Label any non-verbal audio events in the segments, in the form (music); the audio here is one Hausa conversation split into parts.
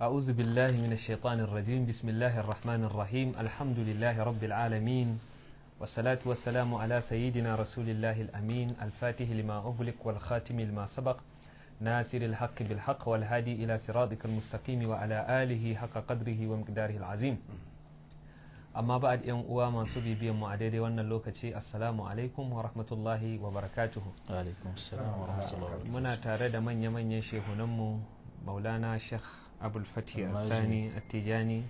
أعوذ بالله من الشيطان الرجيم بسم الله الرحمن الرحيم الحمد لله رب العالمين والصلاة والسلام على سيدنا رسول الله الأمين الفاتح لما أغلق والخاتم لما سبق ناصر الحق بالحق والهادي إلى صراطك المستقيم وعلى آله حق قدره ومقداره العظيم أما بعد يوم أوا masu bibiyan mu a daidai wannan lokaci assalamu alaikum wa rahmatullahi wa barakatuhu alaikum assalam wa rahmatullahi muna tare da manya-manyan shehunanmu maulana sheikh abul fatih asani attijani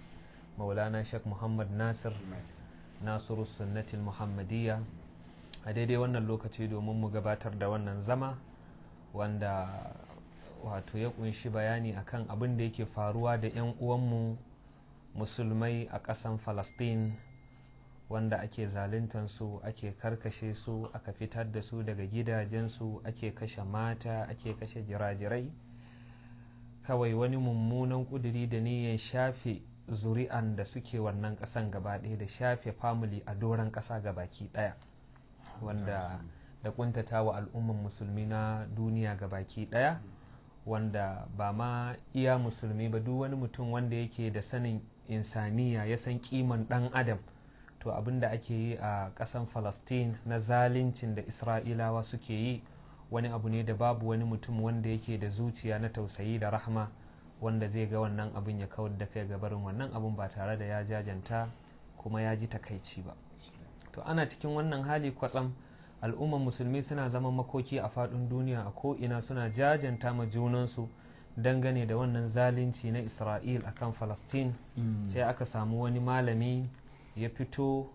maulana shek muhammad nasir nasiru sunnatul muhammadiyya a daidai wannan lokaci domin mu gabatar da wannan zama wanda wato ya kunshi bayani akan abin da yake faruwa da 'yan uwanmu musulmai a ƙasan falastin wanda ake su ake karkashe su aka fitar da su daga gidajensu ake kashe mata ake kashe jirajirai kawai wani mummunan kuduri da niyyar shafe zuri'an da suke wannan kasan gaba ɗaya da shafe famili a doron ƙasa baki ɗaya wanda da kuntata wa al'umman musulmi na duniya gabaki ɗaya wanda ba ma iya musulmi ba duk wani mutum wanda yake da sanin insaniya ya san kiman ɗan adam to abinda ake yi a ƙasan falastin na zalincin da isra'ilawa suke yi wani abu ne da babu wani mutum wanda yake da zuciya na tausayi da rahama wanda zai ga wannan abin ya kawar da kai ga barin wannan abin ba tare da ya jajanta kuma ya ji takaici ba to ana cikin wannan hali kwatsam al'ummar musulmi suna zaman makoki a faɗin duniya a ko'ina suna jajanta ma junansu dangane da wannan zalunci na isra'il a kan falastin mm. sai aka samu wani malami ya fito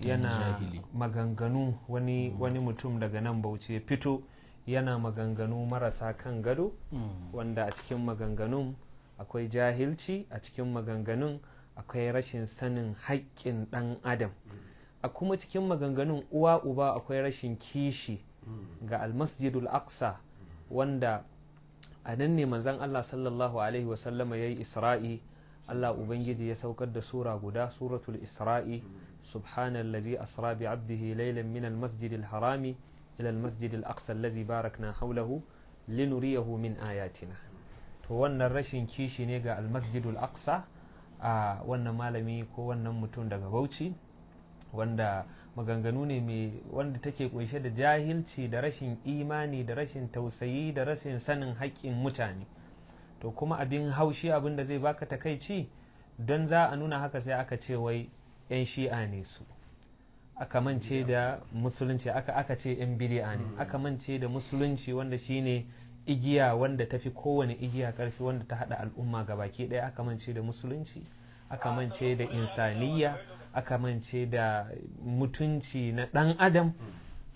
yana maganganu wani mutum daga nan bauchi ya fito yana maganganu marasa kan gado mm. wanda a cikin maganganun akwai jahilci a cikin maganganun akwai rashin sanin haƙƙin ɗan adam mm. a kuma cikin maganganun uwa uba akwai rashin kishi mm. ga almasjidul aqsa wanda a nan ne manzan allah sallallahu alaihi wasallama ya yi isra'i allah ubangiji ya saukar da sura guda suratul isra'i subhanallazi asra bi abdihi laylan min almasjidil harami ila almasjid al-aqsa allazi barakna hawlahu linuriyahu min ayatina to wannan rashin kishi ne ga almasjidul al-aqsa a wannan malami ko wannan mutum daga Bauchi wanda maganganu ne mai wanda take kunshe da jahilci da rashin imani da rashin tausayi da rashin sanin haƙƙin mutane to kuma abin haushi abin da zai baka takaici don za a nuna haka sai aka ce wai 'yan shi'a ne su aka mance da musulunci aka ce yan bidi'a ne hmm. aka mance da musulunci wanda shine igiya wanda ta fi kowane igiya karfi wanda ta hada al'umma baki daya aka mance da musulunci aka mance da insaniya aka mance da mutunci na dan adam hmm.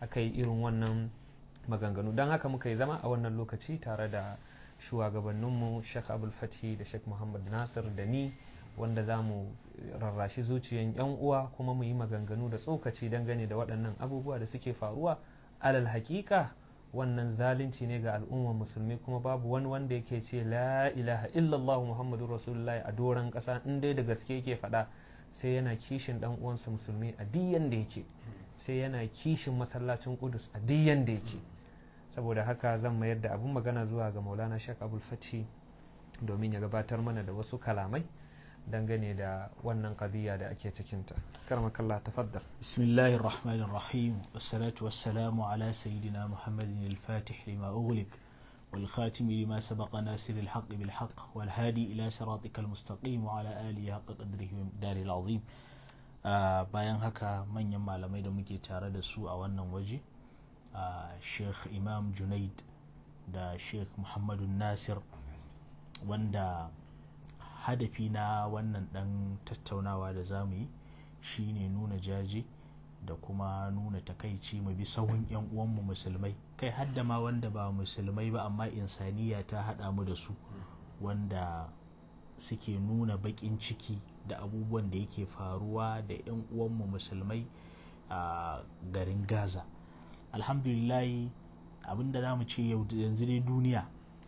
aka yi irin wannan maganganu don haka muka yi zama a wannan lokaci tare da shugabanninmu shek Fati da shek muhammad nasir da ni wanda za mu rarrashi zuciyan 'yan uwa kuma mu yi maganganu da tsokaci dangane da waɗannan abubuwa da suke faruwa alal haƙiƙa wannan zalunci ne ga al'ummar musulmi kuma babu wani wanda yake ce la ilaha illallah muhammadu rasulullahi a doron ƙasa in dai da gaske yake faɗa sai yana kishin ɗan uwansa musulmi a diyan da yake sai yana kishin masallacin kudus a diyan da yake saboda haka zan mayar da abin magana zuwa ga maulana shek abul fati domin ya gabatar mana da wasu kalamai dangane da wannan kadiyya da ake cikinta karmakallah tafaddal bismillahir rahmanir rahim wassalatu wassalamu ala sayyidina muhammadin al-fatih lima ughliq wal khatim lima sabaqa nasir al-haqq bil wal hadi ila siratikal mustaqim wa ala alihi haqqa qadrihi wa miqdaril azim ah, bayan haka manyan malamai da muke tare da su a wannan waje ah, sheikh imam junaid da sheikh muhammadu nasir wanda hadafi na wannan dan tattaunawa da za mu yi shine nuna jaje da kuma nuna takaici mu bi sahun yan uwanmu musulmai kai hadda ma wanda ba musulmai ba amma insaniya ta hada mu da su wanda suke nuna bakin ciki da abubuwan da yake faruwa da yan uwanmu musulmai a garin gaza alhamdulillahi abinda za mu ce yau yanzu dai duniya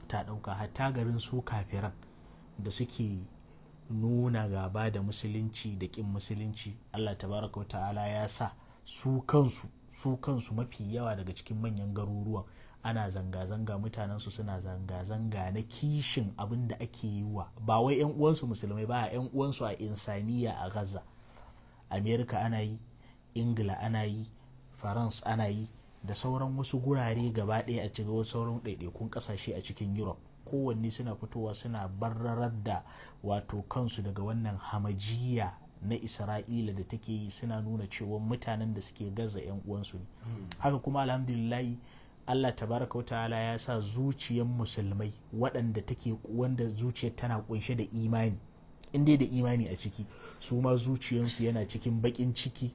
ta dauka hatta garin su kafiran da suke nuna gaba da musulunci da kin musulunci allah tabaraka wa ta'ala ya sa su kansu su kansu mafi yawa daga cikin manyan garuruwan ana zanga-zanga mutanensu suna zanga-zanga na kishin abin da ake yi wa ba wai 'yan uwansu musulmai ba 'yan uwansu a insaniya a gaza amerika ana yi ingila ana yi faransa ana yi da sauran wasu gurare gaba ɗaya a cikin sauran ɗaiɗaikun ƙasashe a cikin europe kowanne suna fitowa suna bararar da wato kansu daga wannan hamajiya na isra'ila da take yi suna nuna cewa mutanen da suke gaza 'yan uwansu ne hmm. haka kuma alhamdulillahi Allah tabaraka wa ta'ala ya sa zuciyar musulmai waɗanda take wanda zuciyar tana kunshe da imani inda da imani a ciki su ma zuciyarsu yana cikin bakin ciki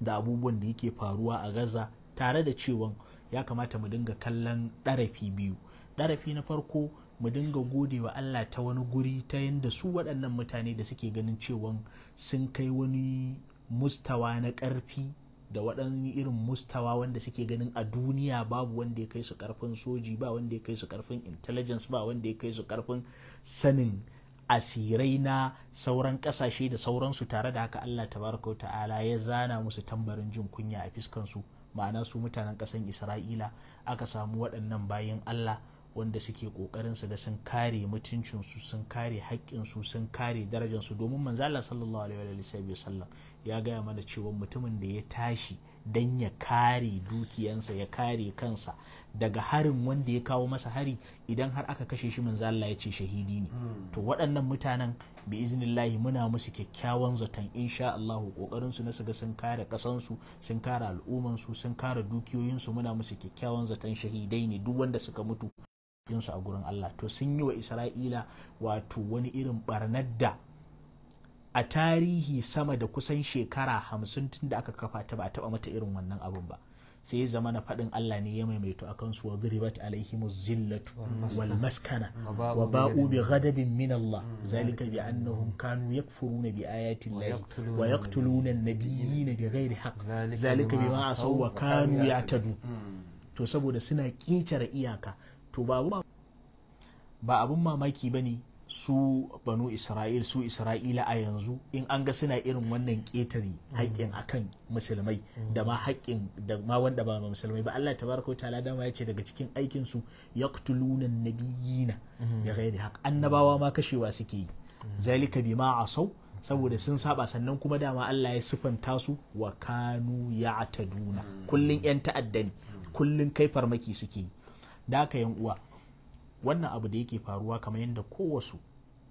da abubuwan da yake faruwa a gaza tare da cewa ya kamata mu dinga kallon ɗarafi biyu ɗarafi na farko mu dinga gode wa Allah ta wani guri ta yadda su waɗannan mutane da suke ganin cewa sun kai wani mustawa na ƙarfi da waɗannan irin mustawa wanda suke ganin a duniya babu wanda ya kai su ƙarfin soji ba wanda ya kai su ƙarfin intelligence ba wanda ya kai su ƙarfin sanin asirai na sauran ƙasashe da sauransu tare da haka Allah tabaraka wa ta'ala ya zana musu tambarin jin kunya a fiskansu ma'ana su mutanen ƙasan Isra'ila aka samu waɗannan bayan Allah wanda suke kokarin su ga sun kare mutuncin su sun kare haƙƙin su sun kare darajar su domin manzo Allah sallallahu alaihi wa sallam ya gaya mana cewa mutumin da ya tashi dan ya kare dukiyansa ya kare kansa daga harin wanda ya kawo masa hari idan har aka kashe shi manzo Allah ya ce shahidi ne hmm. to waɗannan mutanen bi iznillahi muna musu kyakkyawan zaton insha Allah kokarin su na su ga sun kare kasan su sun kare al'umman su sun kare dukiyoyin su muna musu kyakkyawan zaton shahidai ne duk wanda suka mutu jinsu a gurin Allah to sun yi wa Isra'ila wato wani irin barnar da a tarihi sama da kusan shekara hamsin tun da aka kafa ta ba a taba mata irin wannan abin ba sai ya zama na faɗin Allah ne ya maimaito a kansu wa zuribat alaihimu zillatu wal maskana wa ba'u bi ghadabin min Allah mm. zalika bi annahum kanu yakfuruna bi ayati Allah wa yaqtuluna an-nabiyina bi ghairi haqq zalika bima asaw wa kanu ya'tadu mm. to saboda suna ƙetare iyaka to ba abun mamaki ba ne su banu isra'il su isra'ila a yanzu in an ga suna irin wannan ƙetare haƙƙin akan musulmai da ma haƙƙin da ma wanda ba ma musulmai ba Allah tabaraka wa ta'ala dama ya ce daga cikin aikin su yaqtuluna nabiyina da ghairi haq annabawa ma kashewa suke yi zalika bima sau saboda sun saba sannan kuma dama Allah ya sifanta su wa kanu ya'taduna kullun yan ta'adda kullun kai farmaki suke yi da aka yan uwa wannan abu da yake faruwa kamar yadda kowasu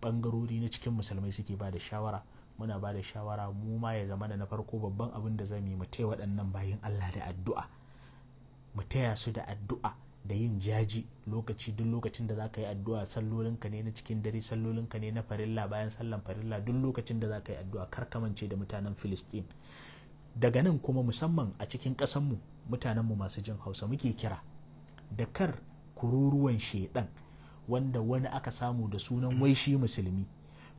bangarori na cikin musulmai suke ba da shawara muna ba da shawara mu ma ya zama da na farko babban abin da zamu yi mu taya waɗannan bayin Allah da addu'a mu taya su da addu'a da yin jaji lokaci duk lokacin da za ka yi addu'a sallolin ka ne na cikin dare sallolin ka ne na farilla bayan sallan farilla duk lokacin da za ka yi addu'a kar ka mance da mutanen Filistin daga nan kuma musamman a cikin mutanen mutanenmu masu jin Hausa muke kira da kar kururuwan shaidan wanda wani aka samu da sunan waishi musulmi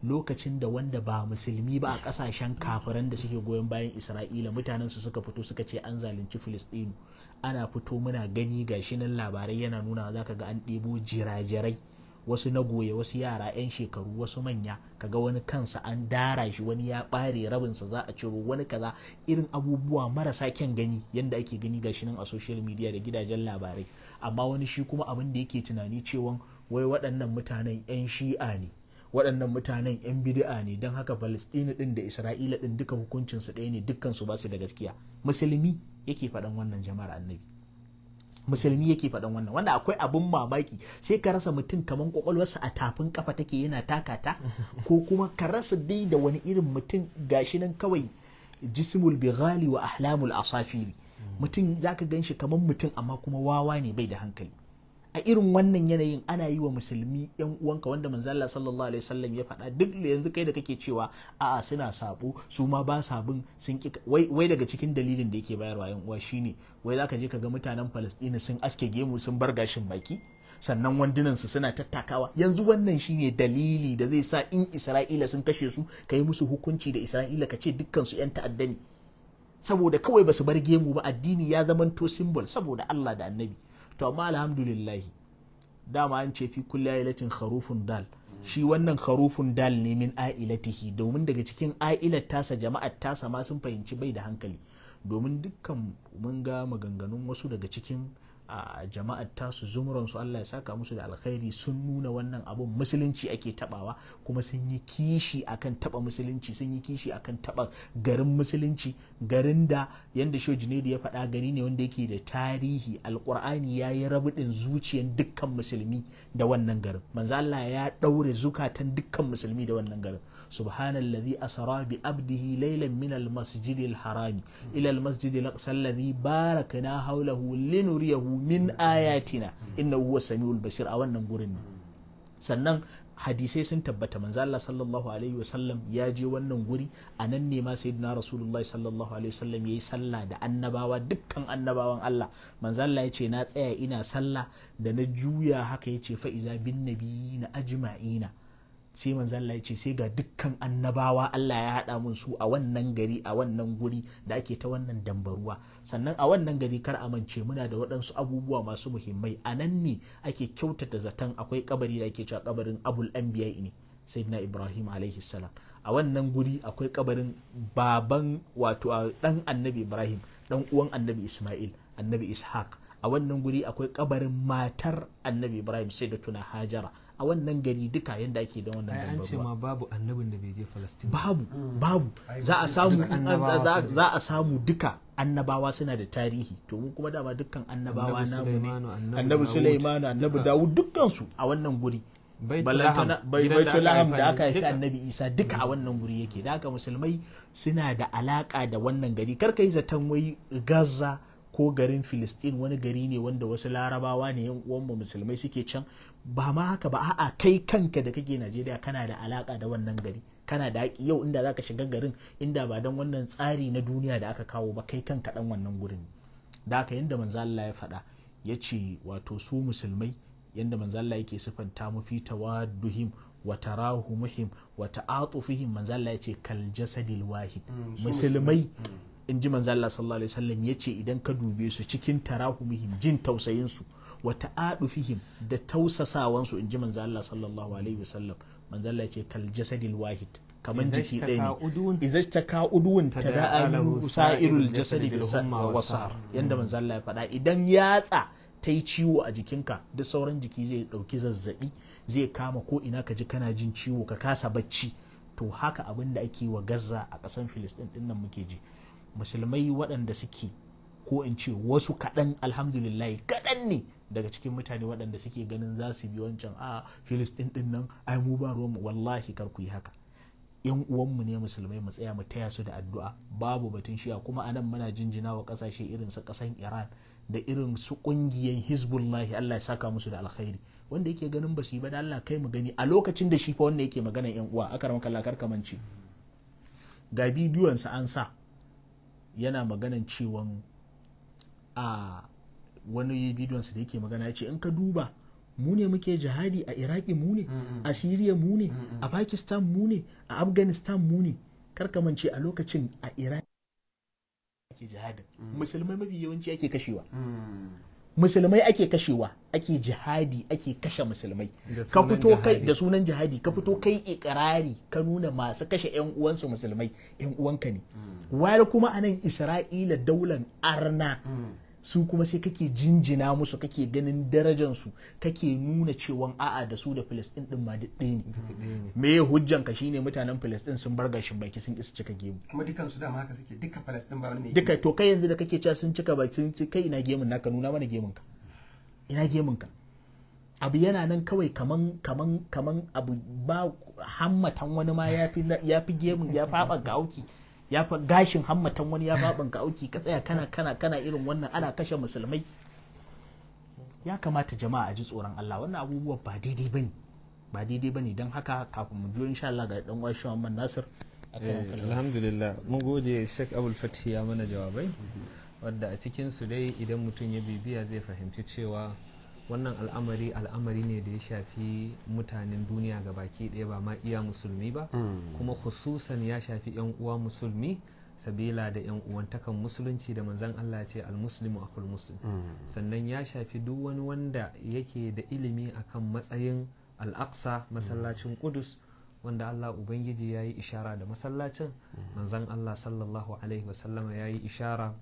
lokacin da wanda ba musulmi ba a kasashen kafiran da suke goyon bayan isra'ila mutanen su suka fito suka ce an zalunci filistinu ana fito muna gani shi nan labarai yana nuna za ka ga an ɗebo jirajirai wasu na goye wasu yara 'yan shekaru wasu manya kaga wani kansa an dara shi wani ya ɓare rabinsa za a ciro wani kaza irin abubuwa marasa kyan gani yadda ake gani gashi nan a social media da gidajen labarai amma wani shi kuma abin da yake tunani cewa wai waɗannan mutanen 'yan shi'a ne waɗannan mutanen 'yan bid'a ne don haka Falistini ɗin da Isra'ila ɗin duka hukuncinsu ɗaya ne dukkan su su da gaskiya musulmi yake faɗan wannan jama'ar annabi musulmi yake faɗan wannan wanda akwai abin mamaki sai ka rasa mutum kamar kwakwalwarsa a tafin kafa take yana takata (laughs) ko kuma ka rasa dai da wani irin mutum gashi nan kawai jismul bighali wa ahlamul asafiri mutum za ka gan shi kamar mutum amma kuma wawa ne bai da hankali a irin wannan yanayin ana yi wa musulmi yan uwanka wanda manzo sallallahu alaihi wasallam ya faɗa duk da yanzu kai da kake cewa a'a suna sabo su ma ba sabin sun ki wai daga cikin dalilin da yake bayarwa yan uwa shine wai zaka je ka ga mutanen Palestina sun aske gemu sun bar gashin baki sannan wandunan su suna tattakawa yanzu wannan shine dalili da zai sa in Isra'ila sun kashe su kai musu hukunci da Isra'ila ka ce dukkan su yan ta'adda ne saboda kawai basu bar gemu ba addini ya to simbol saboda Allah da annabi to amma alhamdulillah dama an ce fi kulli ailatin kharufun dal shi wannan kharufun dal ne min ailatihi domin daga cikin ailat tasa jama'ar tasa ma sun fahimci bai da hankali domin dukkan mun ga maganganun wasu daga cikin a jama'ar tasu zumuran su Allah ya saka musu da alkhairi sun nuna wannan abun musulunci ake tabawa kuma sun yi kishi akan taba musulunci sun yi kishi akan taba garin musulunci garin da yanda Shojinedi ya faɗa gari ne wanda yake da tarihi alkur'ani ya yi rabudin zuciyan dukkan musulmi da wannan garin manzo Allah ya daure zukatan dukkan musulmi da wannan garin subhanallazi asra bi abdihi laylan min almasjidil harami hmm. ilal almasjidil aqsa alladhi barakna hawlahu linuriyahu min hmm. ayatina hmm. innahu uwa samiul basir a wannan gurin ne sannan hadisai sun tabbata manzo Allah sallallahu alaihi wasallam ya je wannan guri a nan ne ma sayyidina rasulullahi sallallahu alaihi wasallam yayi sallah da annabawa dukkan annabawan Allah manzo Allah ya ce na tsaya ina sallah da na juya haka ya ce fa iza bin nabiyina ajma'ina sai manzan Allah ya ce sai ga dukkan annabawa Allah ya haɗa mun su a wannan gari a wannan guri da ake ta wannan dambaruwa sannan a wannan gari kar a amince muna da waɗansu abubuwa masu muhimmai a nan ne ake kyautata zaton akwai kabari da ake cewa kabarin abul anbiya ne sayyidina ibrahim alaihi salam a wannan guri akwai kabarin baban wato dan annabi ibrahim dan uwan annabi isma'il annabi ishaq a wannan guri akwai kabarin matar annabi ibrahim sai da tuna hajara a wannan gari duka yadda ake da wannan dambarwa an ce ma babu annabin da bai je babu mm. babu za a samu za a samu duka annabawa suna da tarihi to mu kuma dama dukkan annabawa namu ne annabi Sulaiman annabi Dawud dukkan su a wannan guri baitulaham da aka haifi annabi isa duka a mm. wannan guri yake da haka musulmai suna da alaka da wannan gari karka yi zaton wai gaza ko garin filistin wani gari ne wanda wasu larabawa ne yan uwanmu musulmai suke can ba ma haka ba a'a kai kanka da kake Najeriya kana da alaka da wannan gari kana da haƙi yau inda zaka shiga garin inda ba dan wannan tsari na duniya da aka kawo ba kai kanka dan wannan gurin da haka yanda manzo Allah ya faɗa ya ce wato su musulmai yanda manzo Allah yake sifanta mu fi tawadduhim wa tarahumuhim wa ta'atufihim manzo Allah ya ce kal jasadil wahid mm, musulmai mm. in ji manzo Allah sallallahu alaihi wasallam ya ce idan ka dube su cikin tarahumuhim jin tausayin su wa fihim da tausasawan su inji manzo Allah sallallahu alaihi wasallam manzo Allah ce kal jasadil wahid kaman jiki ɗaya ne idza taka udun tada'a sa'irul jasadi bil wasar yanda hmm. manzo Allah ya faɗa idan yatsa ta yi ciwo a jikinka duk sauran jiki zai ɗauki zazzabi zai kama ko ina ka ji kana jin ciwo ka kasa bacci to haka abin da ake wa gazza a ƙasan filistin ɗin nan muke ji musulmai waɗanda suke ko in ce wasu kaɗan alhamdulillah kaɗan ne daga cikin mutane waɗanda suke ganin za su bi wancan a filistin din nan ai mu ba ruwanmu wallahi kar ku yi haka yan uwanmu ne musulmai mu tsaya mu taya su da addu'a babu batun shiya kuma anan muna jinjina wa kasashe irin su kasan iran da irin su kungiyan hizbullahi allah ya saka musu da alkhairi wanda yake ganin ba su yi ba da allah kai mu gani a lokacin da shi fa wanda yake magana yan uwa aka ramaka lakar kamanci ga bidiyonsa an sa yana maganan cewan a wani bidiyon su da yake magana ya ce in ka duba mu ne muke jihadi a iraki mu ne a siriya mu ne a pakistan mu ne a afghanistan mu ne karkamance a lokacin a iraki ake jihadin mm. musulmai mafi yawanci ake kashewa mm. musulmai ake kashewa ake jihadi ake kashe musulmai ka fito kai da sunan jihadi ka fito mm. kai ikirari ka nuna masu kashe yan uwansu musulmai yan uwanka ne wayar kuma anan isra'ila daular arna su kuma sai kake jinjina musu kake ganin darajansu kake nuna cewa a'a da su da filistin din ma duk ɗaya ne me hujjan ka shine mutanen filistin sun bar gashin baki sun isa cika gemu kuma dukan su dama haka suke duka filistin ba wani duka to kai yanzu da kake cewa sun cika baki sun kai ina gemun naka nuna mana gemun ka ina gemun ka abu yana nan kawai kaman kaman kaman abu ba hammatan wani ma ya fi gemun ya faɓa ga auki ya fa gashin hammatan wani ya babin ka auki ka tsaya kana kana kana irin wannan ana kashe musulmai ya kamata jama'a a ji tsoron Allah wannan abubuwa ba daidai bane ba daidai bane don haka kafin mu biyo insha Allah ga dan uwa Shehu Muhammad Nasir eh, alhamdulillah mun gode Sheikh Abdul Fatih ya mana jawabai wadda a cikin su dai idan mutum ya bibiya zai fahimci cewa wannan al'amari al'amari ne da ya shafi mutanen duniya ga baki ɗaya ba ma iya musulmi ba hmm. kuma khususan ya shafi 'yan uwa musulmi sabila da yan uwantakan musulunci da manzan Allah ce al almuslimu akul muslim hmm. sannan ya shafi duk wani wanda yake da ilimi akan matsayin al-aqsa masallacin kudus hmm. wanda Allah ubangiji ya yi ishara da masallacin manzan Allah sallallahu alaihi wasallama ya yi ishara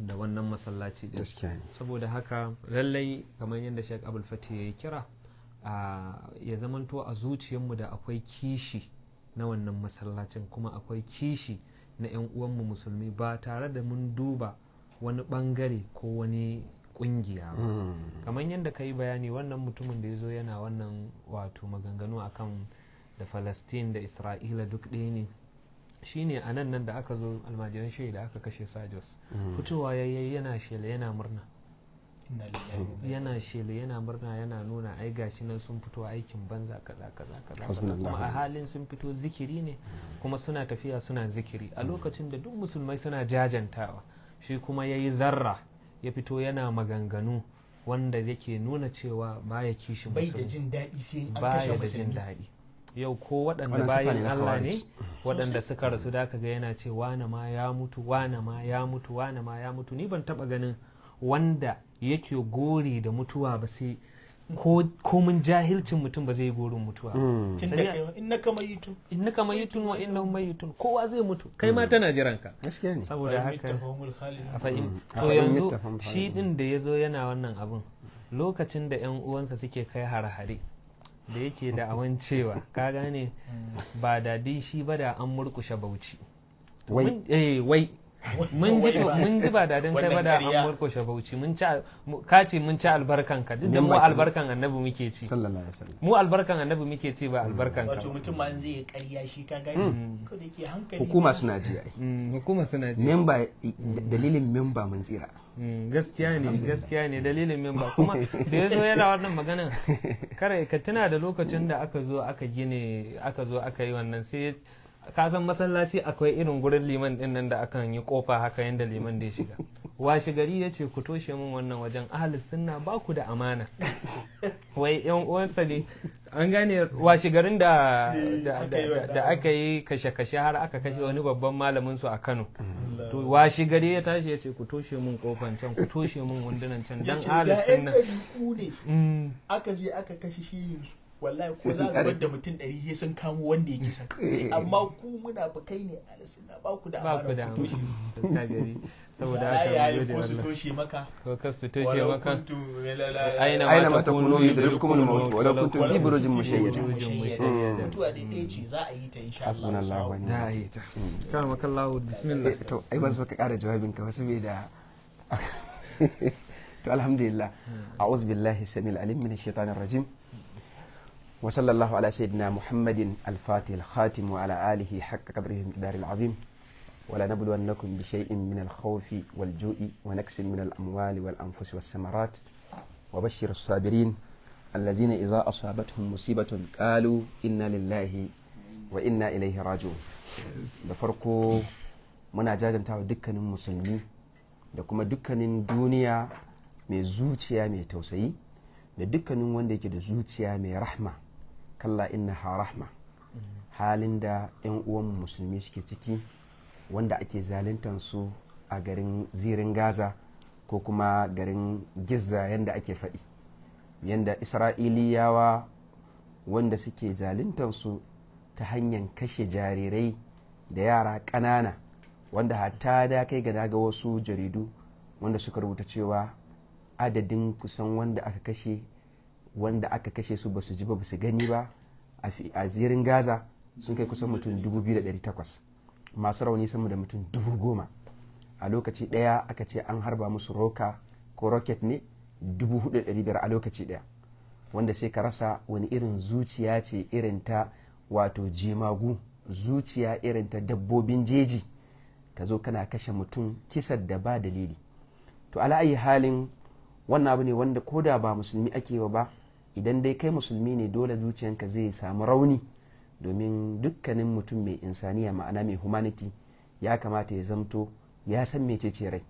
da wannan masallaci din saboda haka lallai kamar yadda shek abul Fatih ya kira ya zamanto a zuciyarmu da akwai kishi na wannan masallacin kuma akwai kishi na 'yan uwanmu musulmi ba tare da mun duba wani bangare ko wani kungiya ba hmm. kamar yadda ka yi bayani wannan mutumin da ya zo yana wannan wato maganganu akan da falastin da isra'ila duk ɗaya ne shine a nan nan da aka zo almajiran shi da aka kashe sajos mm. fitowa ya yi yana shela yana murna yana shela yana murna yana nuna ai gashi nan sun fito aikin banza kaza kaza kaza kuma a halin sun fito zikiri ne mm. kuma suna tafiya suna zikiri a mm. lokacin da duk musulmai suna jajantawa shi kuma ya yi zarra ya fito yana maganganu wanda yake nuna cewa baya kishin musulmi bai da jin daɗi sai an kashe musulmi yau ko waɗanda bayan Allah ne waɗanda suka rasu da aka ga yana ce wane ma ya mutu wane ma ya mutu wane ma ya mutu ni ban taɓa ganin wanda yake gori da mutuwa ba sai ko mun jahilcin mutum ba zai yi gorin mutuwa hmm. innaka mayitun innaka mayitun wa yi tun kowa zai mutu kai ma hmm. tana jiran ka saboda haka a fa'in hmm. to yanzu shi din da ya zo yana wannan abun lokacin da yan uwansa suke kai hare-hare da yake da awan cewa ka gane mm. ba da shi ba da an murkushe bauchi wai eh, (laughs) mun ji mun ji ba dadin kai ba da an murkushe shafauci mun ci ka ce mun ci albarkan ka duk da mu albarkan annabi muke ci sallallahu alaihi wasallam mu albarkan annabi muke ci ba albarkan ka wato mutum ma zai ƙarya shi ka gani hmm. ko da ke hankali hukuma suna ji ai hmm, hukuma suna ji memba dalilin memba mun tsira hmm, gaskiya ne gaskiya ne dalilin memba kuma da ya zo (laughs) yana wannan maganin kare ka tuna da lokacin da aka zo aka gine aka zo aka yi wannan sai ka san masallaci akwai irin gurin liman din nan da akan yi kofa haka yadda liman da ya shiga washe gari ya ce ku toshe min wannan wajen ahalis sunna ba ku da amana wai yan uwansa ne an gane washe garin da da aka yi kashe-kashe har aka kashe wani babban malamin su a Kano to washe gari ya tashi ya ce ku toshe min kofan can ku toshe min wundunan can dan ahalis sunna mm. aka je aka kashe shi su. wallahi ko za a da mutum ɗari he sun kamo wanda yake san (laughs) eh. amma ku muna fa kai ne a suna ba ku da amana ku da amana (laughs) saboda haka ya yi ko su toshe maka ko ka su toshe maka aina ma kuno yi da rukumul maut wala kuntum bi burujin mushayyada mutuwa da ɗaya ce za a yi ta insha Allah hasbunallahu wa ni'mal wakil hmm. kan makallahu bismillah eh, to ai ban so ka ƙara jawabin ka saboda (laughs) to alhamdulillah hmm. a'udhu billahi samil alim min ash-shaytanir rajim وصلى الله على سيدنا محمد الفاتح الخاتم وعلى آله حق قدره المقدار العظيم ولا نبلونكم بشيء من الخوف والجوع ونكس من الأموال والأنفس والثمرات وبشر الصابرين الذين إذا أصابتهم مصيبة قالوا إنا لله وإنا إليه راجعون بفرقو muna jajantawa dukkanin musulmi da kuma dukkanin duniya mai zuciya mai tausayi da dukkanin wanda yake da zuciya mai rahma kalla ha rahma halin da 'yan uwan musulmi suke ciki wanda ake zaluntar su a garin zirin gaza ko kuma garin gizza yadda ake faɗi yadda isra'iliyawa wanda suke zaluntar su ta hanyar kashe jarirai da yara ƙanana wanda hatta da kai ga ga wasu jaridu wanda suka rubuta cewa adadin kusan wanda aka kashe wanda aka kashe su basu ji ba basu gani ba a zirin gaza sun kai kusan mutum 2,800 masu rauni sama da mutum 10,000 a lokaci daya aka ce an harba musu roka ko rocket ne 4,500 a lokaci daya wanda sai ka rasa wani irin zuciya ce irin ta wato jemagu zuciya irin ta dabbobin jeji ka zo kana kashe mutum kisar da ba dalili to ala'ayi halin wannan abu ne wanda ko da ba musulmi ake wa ba idan dai kai musulmi ne dole zuciyanka zai samu rauni domin dukkanin mutum mai insaniya ma'ana mai humanity ya kamata ya zamto ya san mecece rai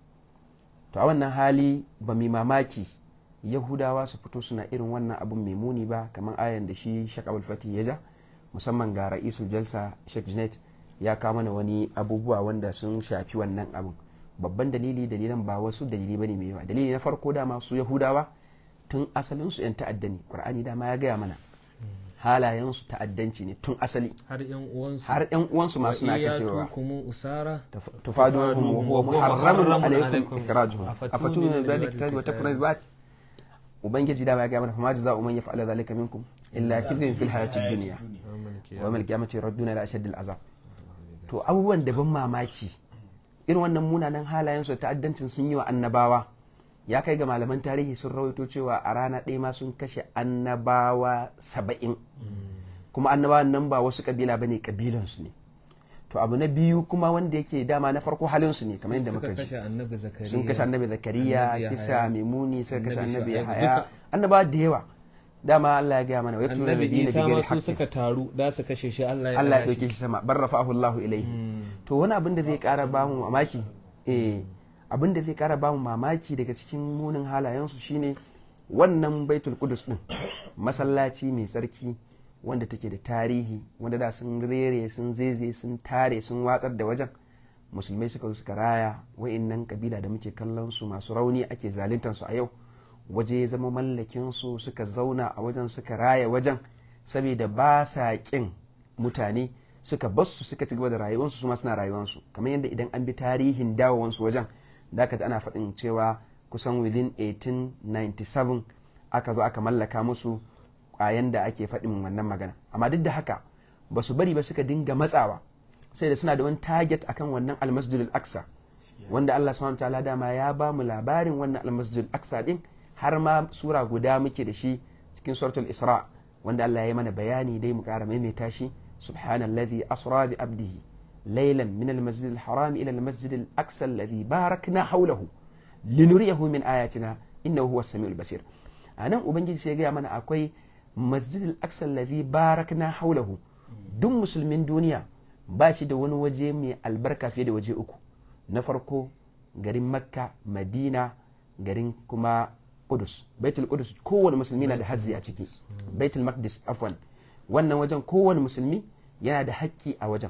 to a wannan hali ba mai mamaki yahudawa su fito suna irin wannan abun mai muni ba kamar ayan da shi shek fati ya ja musamman ga ra'isul jalsa shek jinet ya kawo mana wani abubuwa wanda sun shafi wannan abun babban dalili dalilan ba wasu dalili bane mai yawa dalili na farko dama su yahudawa tun asalin su yan ta'adda ne qur'ani dama ya gaya mana halayen su ta'addanci ne tun asali har yan uwansu ma suna kashewa tufadu huwa muharramun alaikum ikhrajuhum afatuminu min dhalika kitabi wa tafrid ba ubangiji dama ya gaya mana fama jazaa'u man yaf'ala dhalika minkum illa kidhin fil hayati dunya wa mal qiyamati radduna ila al azab to abubuwan da ban mamaki irin wannan munanan halayen su ta'addancin sun yi wa annabawa ya kai ga malaman tarihi sun rawaito cewa a rana ɗaya ma sun kashe annabawa saba'in kuma annabawan nan ba wasu kabila bane kabilansu ne to abu na biyu kuma wanda yake dama na farko halinsu ne kamar yadda muka ji sun kashe annabi zakariya kisa mimuni suka kashe annabi yahaya annaba da yawa dama Allah ya gaya mana wai tura nabi na bigar hakki suka taru da su kashe shi Allah ya Allah ya dauke shi sama barrafa Allah ilaihi hmm. to wani abin da zai kara ba mu mamaki eh abin da zai kara bamu mamaki daga cikin munin halayensu shine wannan baitul kudus din masallaci mai tsarki wanda take da tarihi wanda da sun rere sun zeze sun tare sun watsar da wajen musulmai suka zo suka raya waannan kabila da muke kallon su masu rauni ake zaluntar su a yau waje ya zama mallakin su suka zauna a wajen suka raya wajen saboda ba sa kin mutane suka basu suka ci gaba da rayuwarsu su ma suna rayuwarsu kamar yadda idan an bi tarihin dawowansu wajen da ana faɗin cewa kusan within 1897 aka zo aka mallaka musu a yanda ake faɗin wannan magana amma duk da haka ba su bari ba suka dinga matsawa sai da suna da wani target akan wannan almasjid al-aqsa wanda Allah subhanahu ta'ala dama ya ba mu labarin wannan almasjid al-aqsa din har ma sura guda muke da shi cikin suratul isra wanda Allah ya yi mana bayani dai mu kara maimaita shi subhanallazi asra bi abdihi ليلا من المسجد الحرام إلى المسجد الأقصى الذي باركنا حوله لنريه من آياتنا إنه هو السميع البصير أنا أبنجي سيجي من أكوي مسجد الأقصى الذي باركنا حوله دم مسلمين دنيا باشي دون وجه من البركة في وجه أكو نفركو garin makka madina garin kuma kudus baitul kudus kowane musulmi na da بيت المقدس ciki baitul وجن afwan wannan wajen حكي أوجن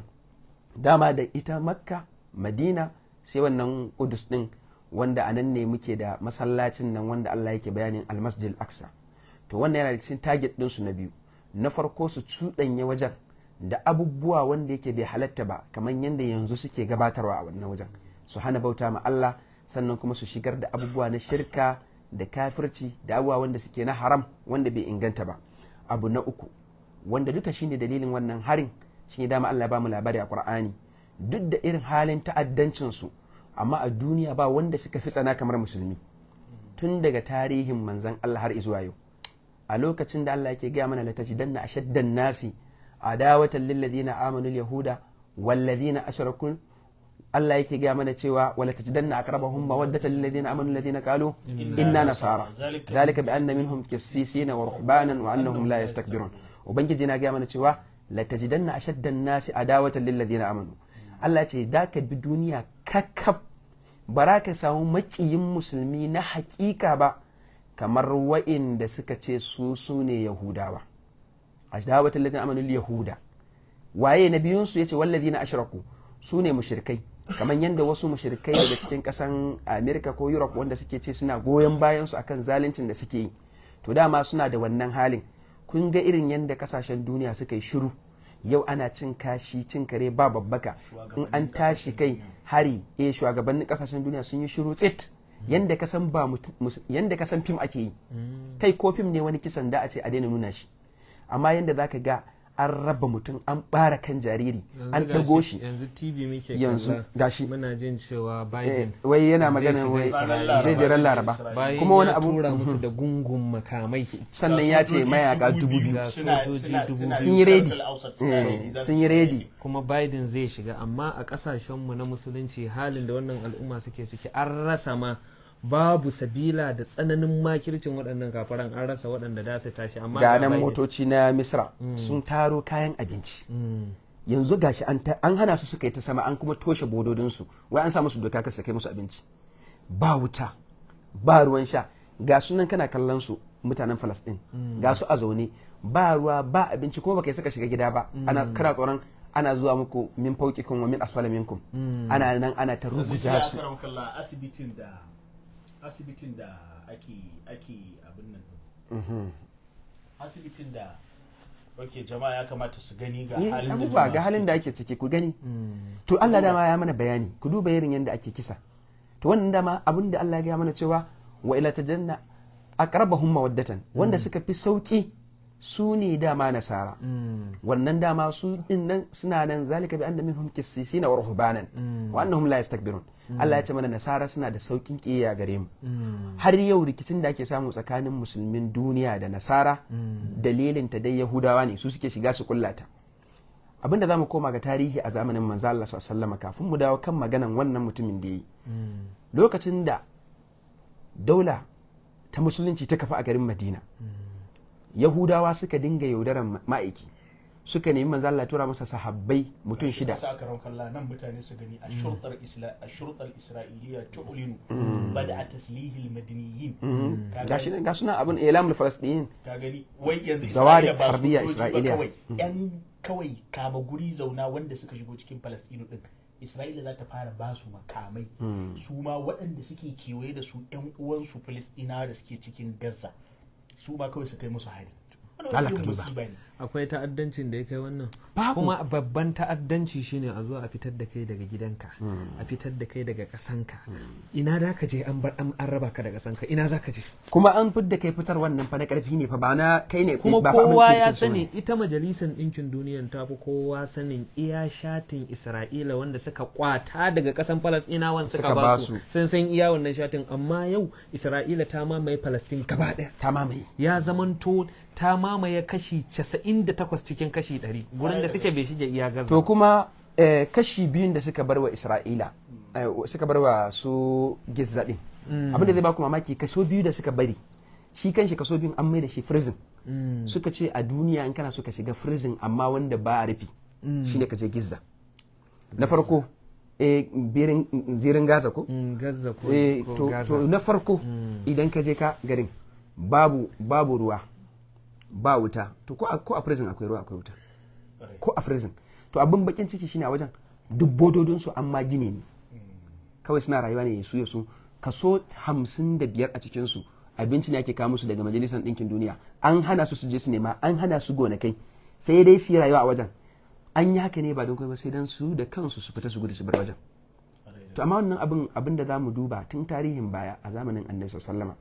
dama da ita makka madina sai wannan kudus din wanda a nan ne muke da masallacin nan wanda allah yake bayanin almasjid aksa to wannan yana da cikin target ɗinsu na biyu na farko su cuɗanya wajen da abubuwa wanda yake bai halatta ba kamar yadda yanzu suke gabatarwa a wannan wajen su hana bauta ma allah sannan kuma su shigar da abubuwa na shirka da kafirci da abubuwa wanda suke na haram wanda bai inganta ba abu na uku wanda duka shine dalilin wannan harin shi dama Allah ba mu labari a Qur'ani duk da irin halin ta'addancin su amma a duniya ba wanda suka fi tsana kamar musulmi tun daga tarihin manzan Allah har izuwa yau a lokacin da Allah yake gaya mana a ashaddan nasi adawatan lil ladina amanu al yahuda wal ladina ashraku Allah yake gaya mana cewa wala wadda aqrabahum mawaddatan lil ladina amanu alladhina qalu inna nasara zalika bi anna minhum qissisina wa ruhbanan wa annahum la yastakbirun ubangiji na gaya mana cewa latajidanna ashaddan nasi adawatan lil ladina amanu Allah ce da ka bi duniya kakkaf za ka samu makiyin musulmi na hakika ba kamar wa'inda suka ce su su ne yahudawa ashdawatul ladina amanu yahuda waye na biyun su yace wallazina ashraku su ne mushrikai kamar yadda wasu mushrikai daga cikin kasan America ko Europe wanda suke ce suna goyon bayan su akan zaluncin da suke yi to dama suna da wannan halin kun ga irin yadda kasashen duniya suka yi shiru yau ana cin kashi cin kare ba babbaka in an tashi kai hari eh shugabannin kasashen duniya sun yi shiru tsit yadda ka fim ake yi mm. kai ko fim ne wani kisan da a ce a daina nuna shi amma za zaka ga an raba mutum an bara kan jariri an dago shi yanzu tv muke yanzu gashi muna jin cewa eh, biden wai yana magana wai zai jiran laraba kuma wani abu tura musu da gungun makamai sannan ya ce mayaka dubu biyu sun yi ready eh, sun yi redi kuma biden zai shiga amma a kasashenmu na musulunci halin da wannan al'umma suke ciki an rasa ma babu sabila da tsananin makircin waɗannan kafaran an rasa waɗanda da su tashi amma ga nan motoci na misra mm. sun taro kayan abinci mm. yanzu gashi an hana su suka yi ta sama an kuma toshe bododinsu wai an sa musu doka kasa kai musu abinci ba wuta ba ruwan sha ga sunan kana kallon su mutanen falastin mm. ga su a zaune ba ruwa ba abinci kuma baka yi saka shiga gida ba ana kana tsoron ana zuwa muku min fauki kun wa min asfala minkum ana nan ana ta rubuta su asibitin asibitin da ake ake abin nan mhm. asibitin da ok jama'a ya kamata su gani ga eh, halin abubuwa ga halin da ake ciki ku gani mm. to Allah dama ya mana bayani ku duba irin yadda ake kisa to wannan dama abin da Allah ya gaya mana cewa wa ila tajanna aqrabahum mawaddatan wanda mm. suka fi sauki su ne dama nasara wannan dama su din nan suna nan zalika bi anna minhum qissisina wa ruhbanan wa annahum la yastakbirun Allah ya ce mana nasara suna da saukin kiyaya gare mu har yau rikicin da ake samu tsakanin musulmin duniya da nasara dalilin ta dai yahudawa ne su suke shiga su kullata abinda zamu koma ga tarihi a zamanin manzo Allah sallallahu kafin mu dawo kan maganan wannan mutumin da yi lokacin da daula ta musulunci ta kafa a garin Madina yahudawa suka dinga yaudaran ma'aiki suka nemi manzo Allah tura masa sahabbai mutum shida sa karon kalla nan mutane su gani a mm. shurtar isla a shurtar isra'iliya tu'linu mm. bada taslihil madaniyin mm. gashi nan gashi nan abin ilamul falastin ka gani wai yanzu isra'iliya ba su isra'iliya yan kawai kama guri zauna wanda suka shigo cikin falastinu din isra'ila za ta fara ba su makamai su ma waɗanda suke kewaye da su yan uwansu filistinawa da suke cikin gaza su ma kawai su kai musu hari akwai ta'addancin da ya kai wannan kuma babban ta'addanci shine a zuwa a fitar da kai daga gidanka hmm. a fitar da kai daga kasanka ina za ka je an raba ka da kasanka ina za ka je kuma an fi da kai fitar wannan fa na karfi ne fa ba na kai ne kuma kowa ya sani ita majalisar ɗinkin duniyan ta fi kowa sanin iya shatin isra'ila wanda suka kwata daga kasan falastinawan suka ba su sun san iya wannan shatin amma yau isra'ila ta mamaye falastin gaba ɗaya ta mamaye ya zamanto ta mamaye kashi 98 cikin kashi 100 gurin da suke bai shige iya gaza to kuma eh, kashi biyun da suka bar wa isra'ila eh, suka bar wa su gizza din mm. abin da zai baku mamaki kaso biyu da suka bari shi kan shi kaso biyun an mai da shi prison mm. suka ce a duniya in kana so ka shiga frizin amma wanda ba a rufi mm. ne ka je gizza na farko eh, birin zirin gaza ko gaza ko to na farko idan ka je ka garin babu babu ruwa ba wuta to ko a prison akwai ruwa akwai wuta ko a prison to abin bakin ciki shine a wajen duk bododin su amma gine ne kawai suna rayuwa ne su su kaso hamsin da biyar a cikin su abinci ne ake kawo musu daga majalisar ɗinkin duniya an hana su su je su nema an hana su gonakai sai dai su yi rayuwa a wajen an yi haka ne ba don kuma sai dan su da kansu su fita su gudu su bar wajen to amma wannan abin abin da zamu duba tun tarihin baya a zamanin annabi wasallama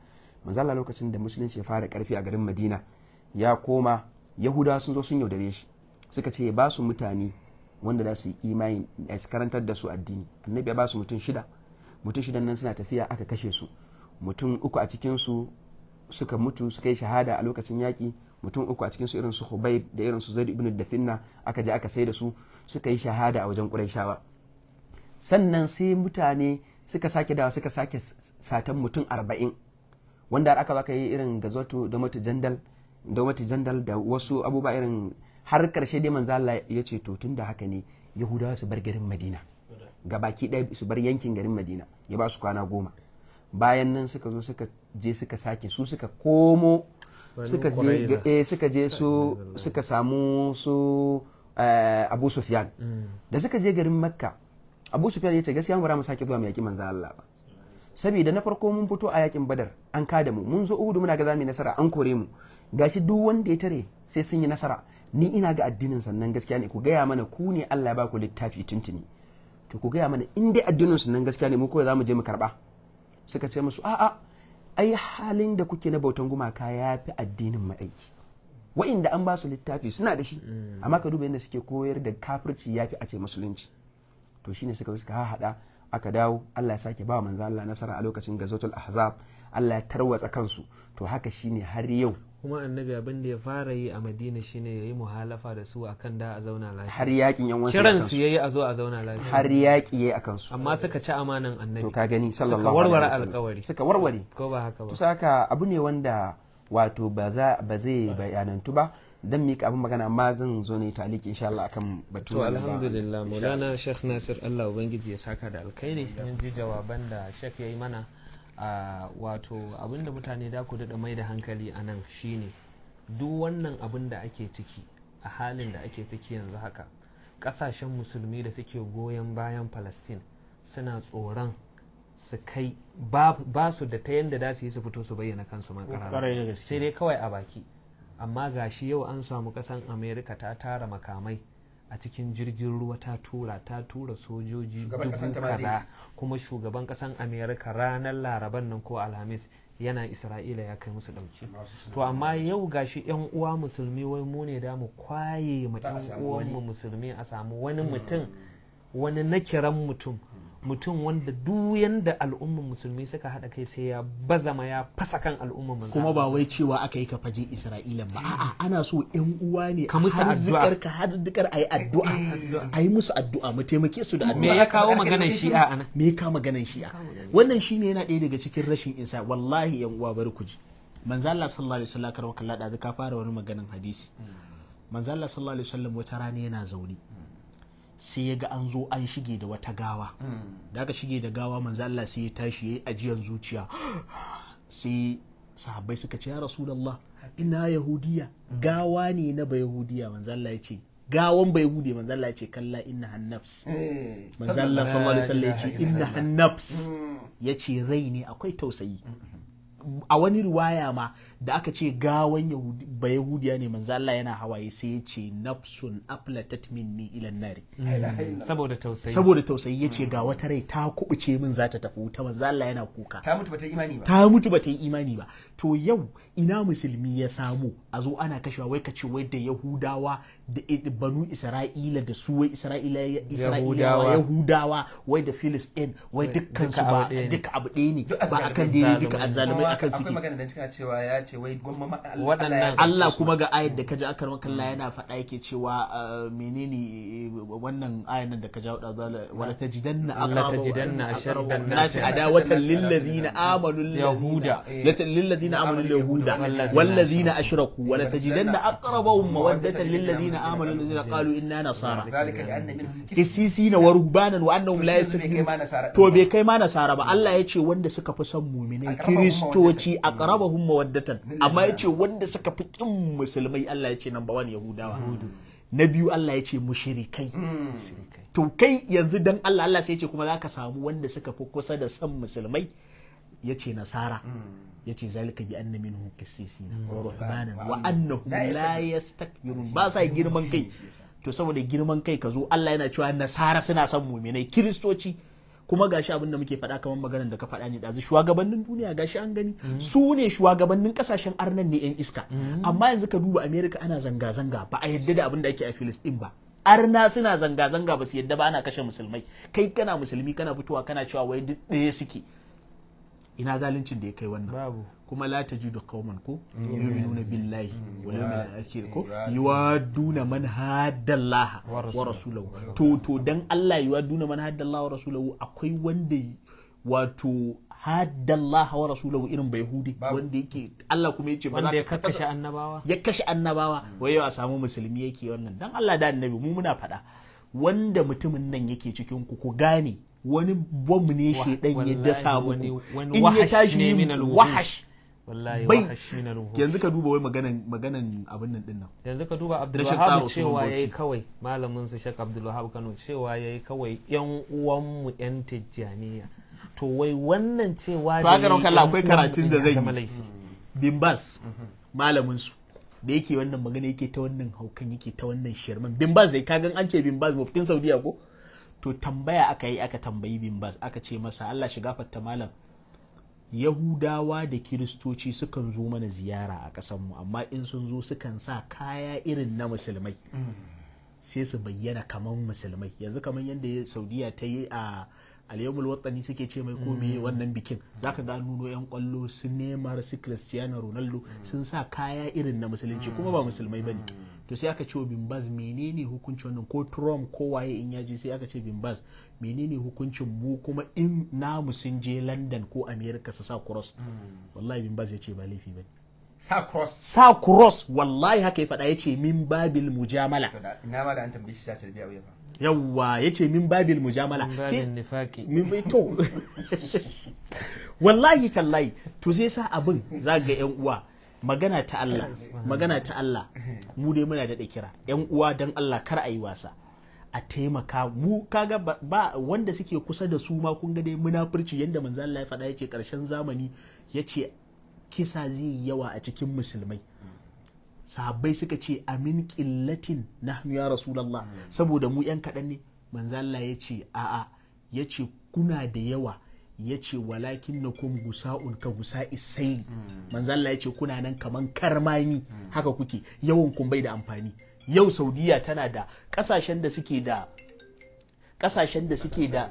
manzo Allah lokacin da musulunci ya fara karfi a garin Madina ya koma yahudawa sun zo sun yaudare shi suka ce ba su mutane wanda za su yi imani a karantar da su addini annabi ya ba su mutum shida mutum shidan nan suna tafiya aka kashe su mutum uku a cikin su suka mutu suka yi shahada a lokacin yaki mutum uku a cikin su irin su da irin su Zaid ibn Dafinna aka je aka sai da su suka yi shahada a wajen Qurayshawa sannan sai mutane suka sake dawa suka sake satan mutum arba'in wanda aka zaka yi irin gazoto da mutu jandal gwamnati jandal da wasu abubuwa irin har karshe dai manzo Allah ya ce to tunda haka ne yahudawa su bar garin madina gabaki ɗaya su bar yankin garin madina ya ba su kwana goma bayan nan suka zo suka je suka sake su suka komo suka je eh, suka je su suka samu su eh, abu sufyan mm. da suka je garin makka abu sufyan ya ce gaskiya mu mu sake zuwa mu yaki manzo Allah ba saboda na farko mun fito a yakin badar an da mu mun zo uhudu muna ga zamu nasara an kore mu gashi duk wanda ya tare sai sun yi nasara ni ina ga addinin sannan gaskiya ne ku gaya mana ku ne Allah ya ba ku littafi tuntuni to ku gaya mana in dai addinin sannan gaskiya ne mu kawai zamu je mu karba suka ce musu a'a ai halin da kuke na bautan gumaka ya fi addinin mu aiki wa'inda an ba su littafi suna da shi mm. amma ka duba yadda suke koyar da kafirci ya fi a ce musulunci to shine suka suka hada aka dawo Allah ya sake ba manzo Allah nasara a lokacin gazatul ahzab Allah ya tarwatsa kansu to haka shine har yau kuma annabi abin da ya fara yi a madina shine ya yi muhalafa da su akan da a zauna lafiya har yakin yan wasu kiran su yayi a zo a zauna lafiya har yaki yayi akan su amma suka ci amanan annabi to ka gani sallallahu alaihi wasallam suka warware alƙawari suka warware ko ba haka ba to saka abu ne wanda wato ba za ba zai bayanantu ba dan mika abin magana amma zan zo ne taliki insha Allah akan batun to alhamdulillah maulana Sheikh Nasir Allah ubangiji ya saka da alkhairi mun ji jawaban da Sheikh yayi mana wato abinda mutane da ku dada mai da hankali a nan shine duk wannan abin da ake ciki a halin da ake ciki yanzu haka kasashen musulmi da suke goyon bayan Palestine suna tsoron su kai ba su da ta yanda da su yi su fito su bayyana kansu man sai dai kawai a baki amma ga shi yau an samu kasan amerika ta tara makamai a cikin jirgin ruwa ta tura ta tura sojoji dubu kaza kuma shugaban kasan amerika ranar laraban nan ko alhamis yana isra'ila ya kai musu dauki to amma yau gashi yan uwa musulmi wai mu ne da mu kwaye ma yan uwanmu musulmi a samu wani hmm. mutum wani nakiran mutum mutum wanda duyan da al'ummar musulmi suka haɗa kai sai ya bazama ya fasa kan al'ummar manzo kuma ba wai cewa aka yi ka faje Isra'ila ba a'a ana so ƴan uwa ne ka musu addu'a ka har dukar ayi addu'a eh, ayi musu addu'a mu taimake su da addu'a me ya kawo maganar shi'a ana me ya kawo maganar shi'a wannan shine yana ɗaya daga cikin rashin insa wallahi ƴan uwa bari ku ji manzo Allah sallallahu alaihi wasallam karwa kallada da ka fara wani maganin hadisi hmm. manzo Allah sallallahu alaihi wasallam wata rana yana zaune sai ya ga an zo an shige da wata gawa da aka shige da gawa manzo Allah sai ya tashi yayi ajiyar zuciya (gasps) sai sahabbai suka ce ya rasulullah ina yahudiya gawa ne na ba yahudiya manzo Allah ya ce gawan bai hude manzo Allah ya ce kalla inna hannafs eh, manzo Allah sallallahu alaihi wasallam ya ce inna hannafs mm. ya ce rai ne akwai tausayi a wani riwaya ma da aka ce gawan ba yahudiya ne manzo Allah yana hawaye sai ya ce nafsun aflatat minni ila nar saboda tausayi saboda tausayi ya ce ga wata rai ta kubuce min za ta tafi wuta manzo Allah yana kuka ta mutu bata yi imani ba ta mutu bata yi imani ba to yau ina musulmi ya samu a zo ana kashewa wai kace wai da yahudawa da banu isra'ila da su wai isra'ila isra'ila yahudawa wai da filistin wai dukkan su ba duka abu ɗaya ne ba akan dai duka azzalumai akan su akwai magana da cewa ya ce wai gwamma Allah kuma ga ayat da kaji akar makalla mm. yana faɗa yake cewa ah, menene eh, wannan ayat nan da ka jawo ɗaza wala tajidanna Allah tajidanna asharban nasi adawatan ladina amanu yahuda ladina amanu yahuda wallazina ashraku wala tajidanna aqrabahum mawaddatan ladina amanu ladina qalu inna nasara kisisina na ruhbanan wa annahum la yastakbirun to bai kai ma nasara ba Allah ya ce wanda suka fi son mu'minai kiristoci aqrabahum mawaddatan amma ya ce wanda suka fi kin musulmai Allah ya ce number one yahudawa na biyu Allah ya ce Mushirikai. to kai yanzu dan Allah Allah sai ya ce kuma ka samu wanda suka fi kusa da san musulmai ya ce nasara hmm. ya ce zalika bi anna minhum qissisina wa hmm. ruhbanan wa hmm. annahu la yastakbirun ba sa girman kai to saboda girman kai ka zo Allah yana cewa nasara suna son muminai kiristoci kuma gashi abin da muke faɗa kamar maganar da ka faɗa ne ɗazu shugabannin duniya gashi an gani su ne shugabannin kasashen arnan ne 'yan iska amma yanzu ka duba america ana zanga-zanga ba a yadda da abin da ake a filistin ba arna suna zanga-zanga ba su yadda ba ana kashe musulmai kai kana musulmi kana fitowa kana cewa wai duk ɗaya suke ina zaluncin da ya kai wannan kuma la tajidu qauman ko mm. yu'minuna billahi mm. wal yawmil mm. akhir ko yuwaduna man haddallaha wa rasulahu to to dan Allah yuwaduna man haddallaha wa rasulahu akwai wanda wato haddallaha wa rasulahu irin bai hudi wanda yake Allah kuma yace wanda ya kashe annabawa ya kashe annabawa wai a samu musulmi yake wannan dan Allah da annabi mu muna faɗa wanda mutumin nan yake cikin ku ku gane wani bom ne shedan ya dasa muku in ya tashi wahash wallahi yanzu ka duba wai maganan maganan abin nan din nan yanzu ka duba Abdul Wahab cewa yayi kawai malamin su shek Abdul Wahab Kano cewa yayi kawai yan uwan mu yan Tijjaniya to wai wannan cewa da to ga akwai karatun da zai bin bas mhm. malamin su da yake wannan magana yake ta wannan haukan yake ta wannan shirman bin bas dai kagan an ce bin bas muftin Saudiya ko to tambaya aka yi aka tambayi bin bas aka ce masa Allah shiga fatta malam yahudawa da kiristoci sukan zo mana ziyara a ƙasanmu amma in sun zo sukan sa kaya irin na musulmai sai su bayyana kamar musulmai yanzu kamar yadda saudiya ta yi a alayyamul watsani suke ce mai kome mm. wannan bikin za ka ga nuno yan kwallo su nemar su cristiano ronaldo sun sa kaya irin na musulunci kuma ba musulmai ba bane mm. to sai aka ce wa bin menene hukuncin wannan ko trump ko waye in yaje sai aka ce bin menene hukuncin mu kuma in namu sun je london ko america su sa cross hmm. wallahi bin ya ce ba laifi ba. sa cross sa cross wallahi haka ya faɗa ya ce min babil mujamala ina ma da an tambaye shi sa tarbiya yawwa ya ce min babil mujamala min babil nifaki (laughs) wallahi tallahi to sai sa abin za ga yan uwa magana ta Allah magana ta Allah mu dai muna da kira yan uwa dan Allah kar a yi wasa a taimaka mu kaga ba wanda suke kusa da su ma kun ga dai munafurci yanda manzo Allah ya faɗa yace karshen zamani yace kisa zai yi yawa a cikin musulmai sahabbai suka ce amin qillatin nahnu ya rasulullah hmm. saboda mu yan kaɗan ne manzo Allah yace a'a yace kuna da yawa ya ce walakin na gusa gusa'un ka gusa isaili manzalla ya ce kuna nan kaman karmami haka kuke yawan kun bai da amfani yau saudiya tana da kasashen da suke da kasashen da suke da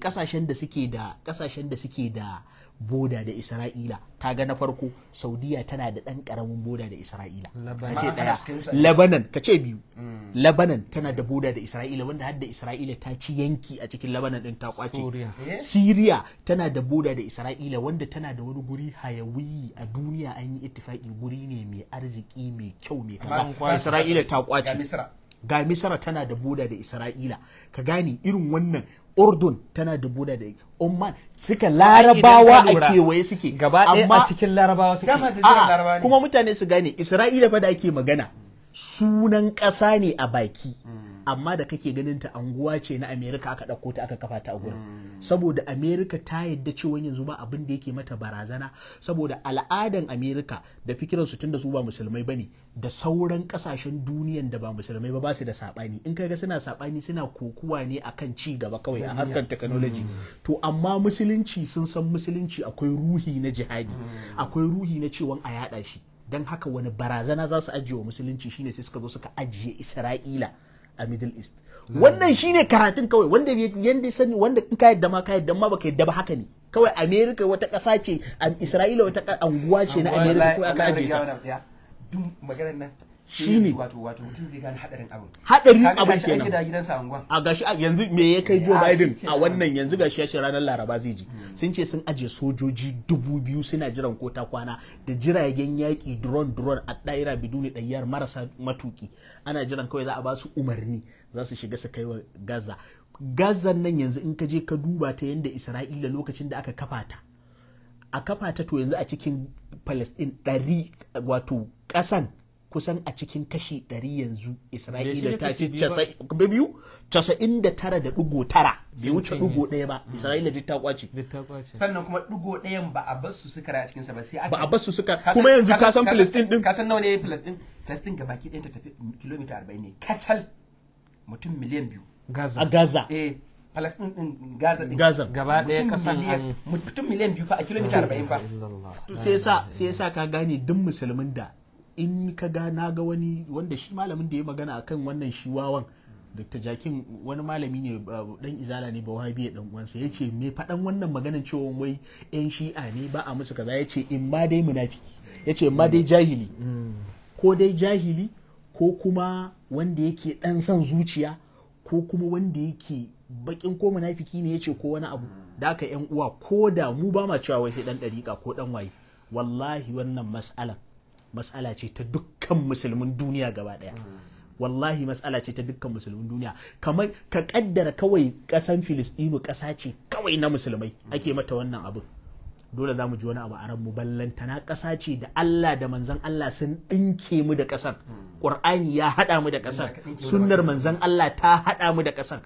kasashen eh, da suke da kasashen da suke da boda da isra'ila ga na farko saudiya tana da ɗan ƙaramin boda da isra'ila kace ɗaya labanan biyu hmm. labanan tana da boda da isra'ila wanda hadda isra'ila ta ci yanki a cikin labanan ɗin ta kwace eh? siriya tana da boda da isra'ila wanda tana da wani guri hayawi a duniya an yi ittifaki guri ne mai arziki mai kyau mai kasa isra'ila ta kwace ga misra tana da boda da isra'ila ka gane irin wannan urdun tana da boda da oman suka larabawa a kewaye suke gaba a cikin larabawa suke kuma mutane su gane isra'ila fa da ake magana sunan ƙasa ne a baki mm. amma da kake ganin ta anguwa ce na Amerika aka ɗauko ta aka kafa ta a gurin hmm. saboda Amerika ta yadda cewa yanzu ba abin da yake mata barazana saboda al'adan Amerika da fikiran su tunda su ba musulmai bane da sauran kasashen duniyan da ba musulmai ba ba su da sabani in ga suna sabani suna kokuwa ne akan ci gaba kawai a harkar technology hmm. to amma musulunci sun san musulunci akwai ruhi na jihadi hmm. akwai ruhi na cewa a yada shi don haka wani barazana za su ajiye wa musulunci shine sai suka zo suka ajiye isra'ila a middle east wannan shine karatun kawai wanda yanda sani wanda in ka yadda ma ka yadda ma baka yadda ba haka ne kawai america wata kasa ce isra'ila wata anguwa ce na america ko aka aje ta nan shine wato wato mutum zai gane hadarin abin hadarin abin kenan gida gidansa a gashi yanzu me ya kai Joe Biden a wannan yanzu gashi ya ranar Laraba zai ji hmm. sun ce sun aje sojoji dubu biyu suna jiran ko ta kwana da jiragen yaki drone drone a daira biduni dayyar marasa matuki ana jiran kawai za a ba su umarni za su shiga su kai wa Gaza Gaza nan yanzu in ka je ka duba ta yanda Isra'ila lokacin da aka kafa ta a kafa ta to yanzu a cikin Palestine ɗari wato ƙasan kusan a cikin kashi ɗari yanzu isra'ila ta ci biyu casa'in da tara da ɗugo tara bai wuce ɗugo ɗaya ba mm. isra'ila duk ta kwace sannan kuma ɗugo ɗayan ba a basu suka raya cikinsa ba sai ba a basu suka kuma yanzu ka san filistin ɗin ka san nawa ne filistin filistin ga baki ɗayan ta tafi kilomita arba'in ne kacal mutum miliyan biyu a gaza eh Palestine din Gaza din Gaza gaba ɗaya kasan mutum miliyan biyu fa a kilomita 40 fa to sai sa sai sa ka gane duk musulmin da in ka ga na ga wani wanda shi malamin da ya magana akan wannan shi wawan dr jakin wani malami ne dan izala ne ba wahabi dan uwansa ya ce me faɗan wannan maganan cewa wai yan shi'a ne ba a musu kaza ya ce in ma dai munafiki ya ce ma dai jahili ko dai jahili ko kuma wanda yake dan son zuciya ko kuma wanda yake bakin ko munafiki ne ya ce ko wani abu da aka yan uwa ko da mu ba ma cewa wai sai dan dariƙa ko dan waye wallahi wannan mas'alan matsala ce ta dukkan musulmin duniya gaba daya wallahi matsala ce ta dukkan musulmin duniya kamar ka kaddara kawai kasan filistinu kasa ce kawai na musulmai ake mata wannan abin dole za mu ji wani abu a mu ballantana ƙasa ce da Allah da manzan Allah sun ɗinke mu da ƙasar ƙur'ani ya haɗa mu da ƙasar sunnar manzan Allah ta haɗa mu da ƙasar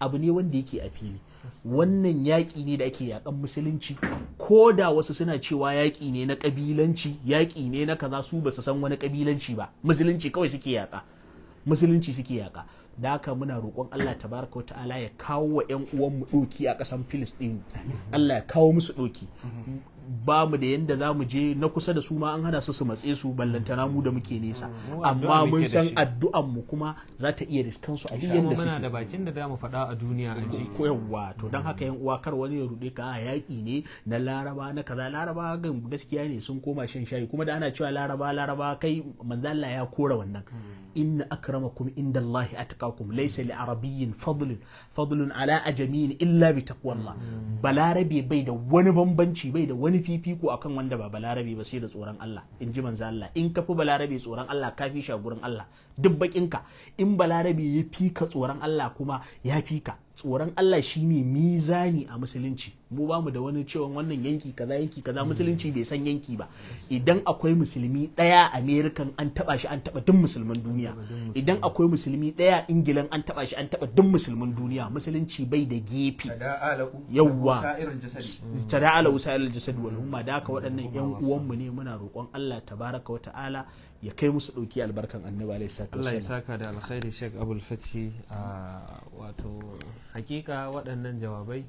abu ne wanda yake a fili wannan yaƙi ne da ake yaƙan musulunci ko da wasu suna cewa yaƙi ne na ƙabilanci yaƙi ne na kaza su basu san wani ƙabilanci ba musulunci kawai suke yaƙa musulunci suke yaƙa da haka muna roƙon Allah tabaraka ta'ala ya kawo wa 'yan uwanmu ɗoki a ƙasan Filistin Allah ya kawo musu ɗoki ba mu da yadda za mu je na kusa da su ma an hana su su matse su ballantana mu da muke nesa mm, amma mun san addu'an mu kuma za ta iya riskan su a duk yanda suke da bakin da zamu faɗa a duniya a ji yawa to dan haka yan uwa kar wani ya rude ka a yaƙi ne na laraba na kaza laraba ga gaskiya ne sun koma shan shayi kuma da ana cewa laraba laraba kai manzo ya kora wannan mm. inna akramakum indallahi atqakum laysa li arabiyyin fadlun fadlun ala ajamin illa bi taqwallah mm. balarabe bai da wani bambanci bai da wani wani fifiko akan wanda ba balarabe ba sai da tsoron Allah in ji manzo Allah in ka fi balarabe tsoron Allah ka fi shagurin Allah duk ka, in balarabe ya fika tsoron Allah kuma ya fika tsoron Allah shine mizani a musulunci mu ba mu da wani cewa wannan yanki kaza yanki kaza musulunci bai san yanki ba idan akwai musulmi daya amerikan an taba shi an taba duk musulman duniya idan akwai musulmi daya ingilan an taba shi an taba duk musulman duniya musulunci bai da gefe yawwa tada'ala usairul jasad wal umma da aka waɗannan yan uwanmu ne muna roƙon Allah tabaraka wa ta'ala ya kai musu ɗauki albarkan annabi alaihi salatu Allah ya saka da alkhairi Sheikh Abul Fati a wato hakika waɗannan jawabai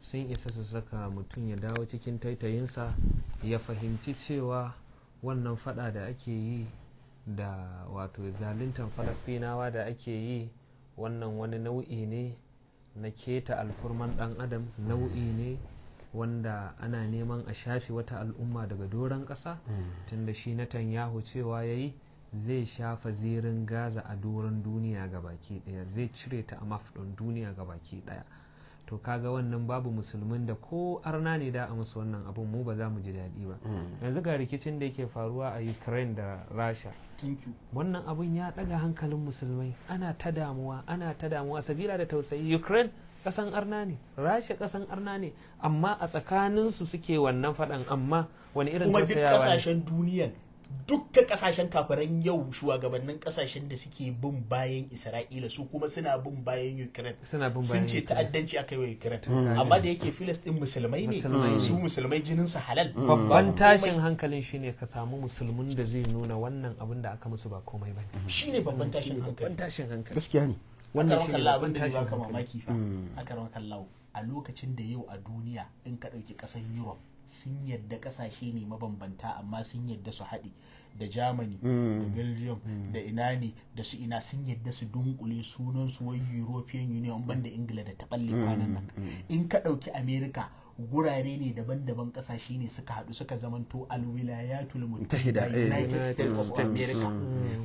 sun isa su saka mutum ya dawo cikin taitayinsa ya fahimci cewa wannan fada da ake yi da wato zaluntar falastinawa da ake yi wannan wani nau'i ne na keta alfurman ɗan adam nau'i ne wanda ana neman a shafe wata al'umma daga doron ƙasa mm. tunda shi na Netanyahu cewa ya yi zai shafa zirin gaza a doron duniya ga baki ɗaya zai cire ta a mafɗin duniya ga baki ɗaya to kaga wannan babu musulmin da ko arna ne da a musu wannan abun mu ba za mu ji daɗi ba mm. yanzu ga rikicin da yake faruwa a ukraine da rasha wannan abun ya ɗaga hankalin musulmai ana ta damuwa ana ta damuwa sabila da tausayi ukraine kasan arna ne rasha kasan arna ne amma a tsakaninsu suke wannan faɗan amma wani irin kuma duk kasashen duniyan dukka kasashen kafaran yau shugabannin kasashen da suke bin bayan isra'ila su kuma suna bin bayan ukraine suna bin bayan sun ce ta'addanci aka yi wa ukraine hmm, amma da yake filistin musulmai ne su musulmai jinin su halal hmm. babban tashin hankalin shine ka samu musulmin da zai nuna wannan abin da aka musu ba komai bane shine babban tashin hankali gaskiya ne wannan shi ne abin da ya baka mamaki fa hmm. aka rawa kallawo a lokacin da yau a duniya in ka dauki kasan europe sun yadda kasashe ne mabambanta amma sun yadda su haɗi da germany da hmm. belgium hmm. da ina ne da su ina sun yadda su dunkule sunan su wai european union banda ingila da ta balle kwanan nan in ka dauki america gurare ne daban-daban kasashe ne suka haɗu suka zamanto alwilayatul mutahida eh, united states of america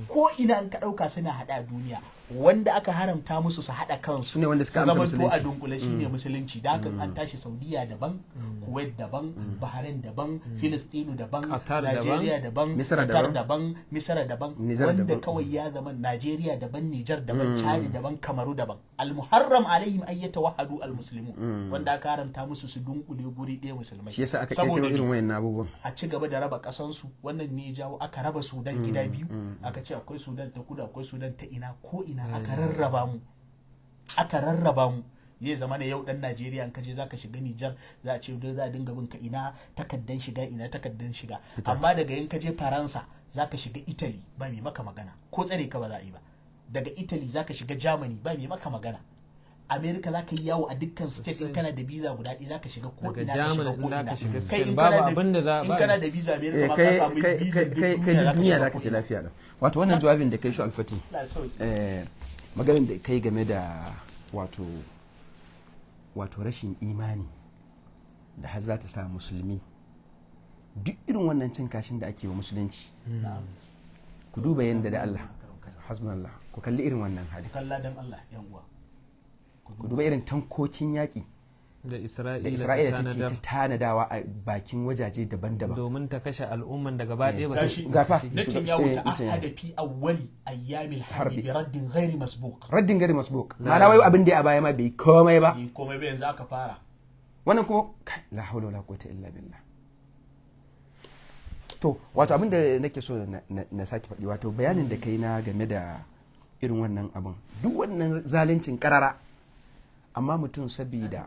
ko ina an ka ɗauka suna haɗa duniya wanda aka haramta musu su haɗa kansu ne wanda suka musulunci zama to a dunkule shi ne mm. musulunci da hakan an mm. tashi saudiya daban mm. kuwait daban bahrain daban filistinu daban nigeria daban qatar daban misra daban wanda kawai ya zama nigeria daban nijar daban chadi daban kamaru daban al muharram alaihim ay al muslimu wanda aka haramta musu su dunkule guri ɗaya musulmai shi yasa aka kirkiro irin wayannan abubuwan a ci gaba da raba kasansu wannan ne ya jawo aka raba sudan gida biyu aka ce akwai sudan ta kudu akwai sudan ta ina ko ina ina mm. aka rarraba mu aka rarraba mu zai zama ne yau dan Najeriya in kaje zaka shiga Nijar za a ce za a dinga ka ina takaddan shiga ina takaddan shiga amma daga in kaje Faransa zaka shiga Italy ba mai maka magana ko tsare ka ba za a yi ba daga Italy zaka shiga Germany ba mai maka magana america za ka yi yawo a dukkan state in kana da visa guda ɗaya za ka shiga ko ina ka shiga ko ina kai in kana da visa america eh, ma ka samu visa kai duniya za ka ci lafiya da wato wannan jawabin da kai shi alfati eh, maganin da kai game da wato wato rashin imani da har za ta sa musulmi duk irin wannan cin kashin da ake wa musulunci ku duba yadda da Allah ku kalli irin wannan hali kalla dan Allah yan uwa ku duba irin tankokin yaƙi da isra'ila take ta tanadawa a bakin wajaje daban-daban domin ta kashe al'umman daga baɗe ba eh, su gafa tun yawon eh, ta ahada fi awwali ayyamil harbi raddin ghairi masbuk raddin ghairi masbuq ma'ana wai abin da a baya ma bai komai ba bai komai ba yanzu aka fara wannan kuma la hawla wala quwwata illa billah to wato abin da nake so na sake faɗi wato bayanin da kai na game da irin wannan abin duk wannan zalincin karara amma mutum sabida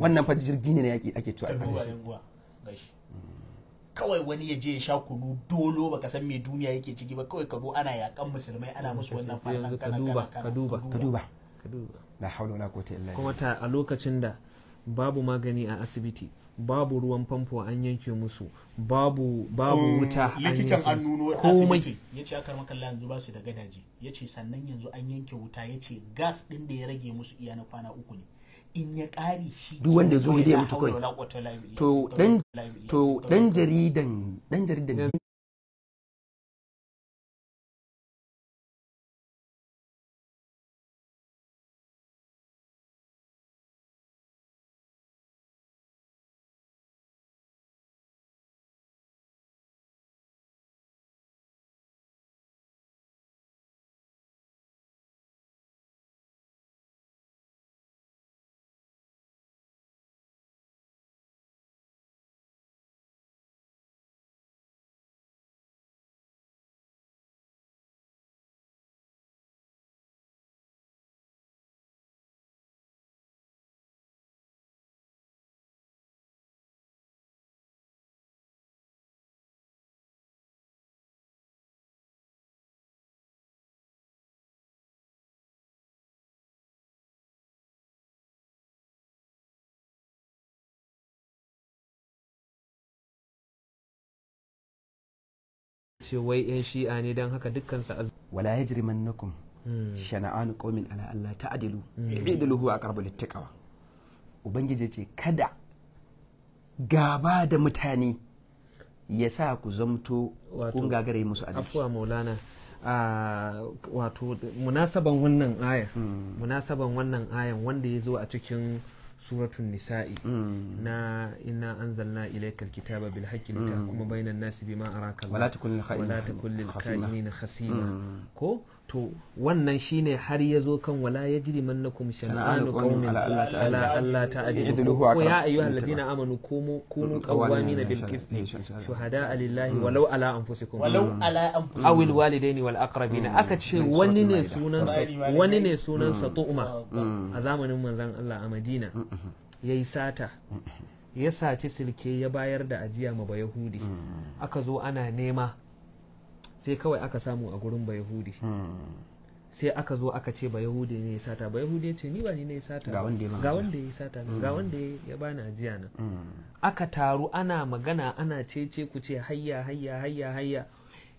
wannan fa jirgi ne yake ake cewa kawai wani ya je ya sha kunu dolo baka san me duniya yake ciki ba kawai ka zo ana yakan musulmai ana musu wannan farnan kana ka duba ka duba ka duba la hawla wala quwwata illa billah kuma ta a lokacin da babu magani a asibiti babu ruwan famfo an yanke musu babu babu mm, wuta likitan an nuno komai ya ce akar makalla yanzu ba su da gadaje yace sannan yanzu an yanke wuta yace gas din da ya rage musu iya na kwana uku ne in ya ƙari shi duk wanda zo ya mutu kai to dan to dan jaridan dan jaridan ce wai yan shi'a ne don haka dukkan su wala yajrimannakum hmm. shana'anu qaumin ala Allah ta'dilu hmm. i'dilu huwa aqrabu littaqwa ubangiji ce kada gaba da mutane ya sa ku zamto kun gagare musu adalci afuwa maulana wato munasaban wannan Aya. Hmm. munasaban wannan ayan wanda ya zo a cikin suratun nisa'i mm. na inna anzalna ilayka alkitaba bil haqqi litahkuma mm. bainan nasi bima araka Allah wala takun lil khasima mm. ko to wannan shine har ya zo kan wala ya jiri man kuma shana'anu qaumin ala Allah ta'dilu ko ya ayyuhal ladina amanu kumu kunu qawwamina bil qisti shuhada lillahi hmm. walau ala anfusikum walau hmm. ala anfusikum awil walidaini wal aqrabina hmm. aka ce wani ne sunan wani ne tu'ma a zamanin manzon Allah a Madina yayi sata ya saci silke ya bayar da ajiya ma yahudi aka zo ana nema sai kawai aka samu a gurin ba yahudi sai aka zo aka ce ba yahudi ne ya sata ba yahudi ya ce ni ba ni ne ya sata ga wanda ya sata ga wanda ya bani mm. ajiya na mm. aka taru ana magana ana cece ku ce hayya hayya hayya hayya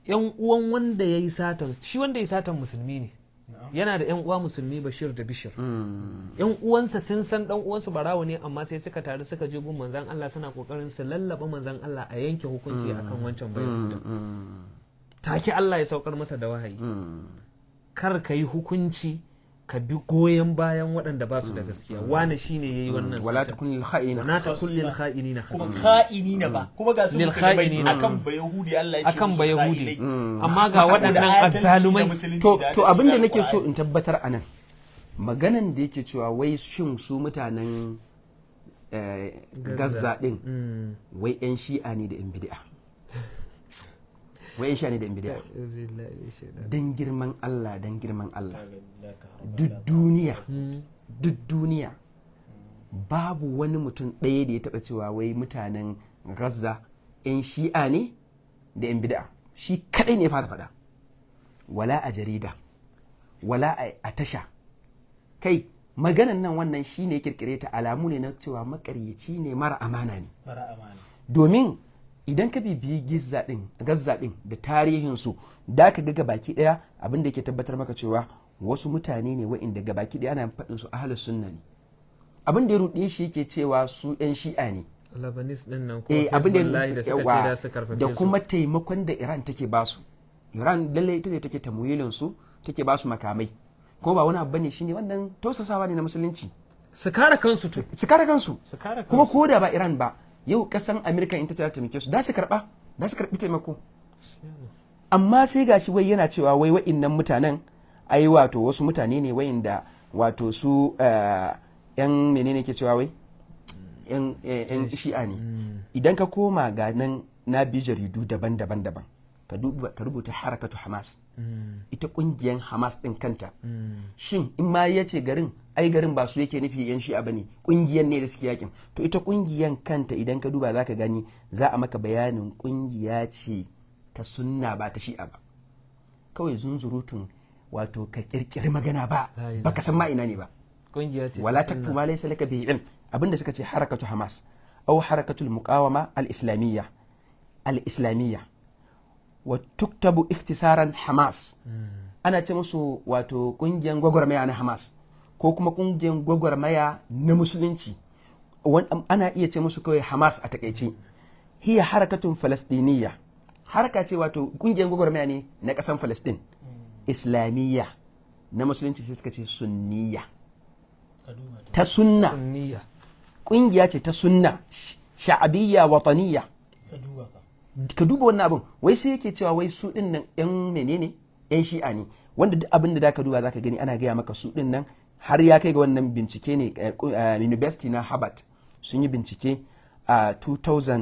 yan uwan wanda ya yi sata shi wanda ya sata musulmi ne yana da yan uwa musulmi bashir da bishir mm. yan uwansa sun san dan uwansu barawo ne amma sai suka taru suka je gun manzan Allah suna kokarin su lallaba manzan Allah a yanke hukunci akan wancan bayan take Allah ya saukar masa da wahayi hmm. kar ka yi hukunci ka bi goyon bayan waɗanda ba su da hmm. gaskiya wani shine yi wannan hmm. wala ta kullil kha'ina wala ta kullil kha'inina kuma kha'inina ba kuma ga su musulmai akan ba yahudi Allah ya ce akan ba yahudi amma ga waɗannan azzalumai to to abin da nake so in tabbatar anan maganan da yake cewa wai shin su mutanen eh, gazza din wai yan shi'a ne da yan bid'a wa shani da in bidiya don girman Allah dan girman Allah duk duniya duk duniya babu wani mutum ɗaya da ya taɓa cewa wai mutanen gaza 'yan shi'a ne da 'yan bida'a shi kaɗai ne fara faɗa wala a jarida wala a tasha kai maganan nan wannan shi ne kirkire ta alamu ne na cewa makaryaci ne mara amana ne domin idan ka bibiyi gizza din da tarihinsu da ka ga baki ɗaya abin da ke tabbatar maka cewa wasu mutane ne wa'inda gabaki ɗaya ana faɗin su ahlus sunna ne abin da ya ruɗe shi yake cewa su yan shi'a ne Lebanese din nan eh, da suka ce da kuma taimakon da Iran take basu Iran lallai ita ne take tamuyilin su take basu makamai ko ba wani abu shi shine wannan tausasawa ne na musulunci su kare kansu su kare kansu kuma ko da ba Iran ba yau kasan amerika in ta ce ta taimake su da su karba da su karbi taimako amma sai gashi wai yana cewa wai wa'innan mutanen ai wato wasu mutane ne wa'inda wato su eh, yan menene ke cewa wai yan eh, eh, shi'a ne hmm. idan ka koma ga nan na bi jaridu daban-daban daban ka rubuta harakatu hamas hmm. ita kungiyan hamas din kanta hmm. shin in ma yace garin ai garin ba su yake nufi yan shi'a bane kungiyar ne da suke yakin to ita kungiyan kanta idan ka duba zaka gani za a maka bayanin kungiya ce ta sunna ba ta shi'a ba kawai zunzurutun wato ka kirkiri magana ba baka san ma ina ne ba kungiya ce wala takfu ma laysa laka bihi abinda suka ce harakatu hamas au harakatul muqawama al islamiyya al islamiyya wa tuktabu ikhtisaran hamas hmm. ana ce musu wato kungiyan gwagwarmaya na hamas ko kuma kungiyar gwagwarmaya na musulunci ana iya ce musu kawai hamas a takaice hiya harakatun falasdiniya haraka ce wato kungiyar gwagwarmaya ne na kasan falasdin islamiyya na musulunci sai suka ce sunniya ta sunna kungiya ce ta sunna sha'abiyya wataniya ka duba wannan abin wai sai yake cewa wai su din nan yan menene yan shi'a ne wanda duk abin da ka duba ka gani ana gaya maka su din nan har ya kai ga wannan bincike ne eh, eh, university na harvard sun yi bincike a 2019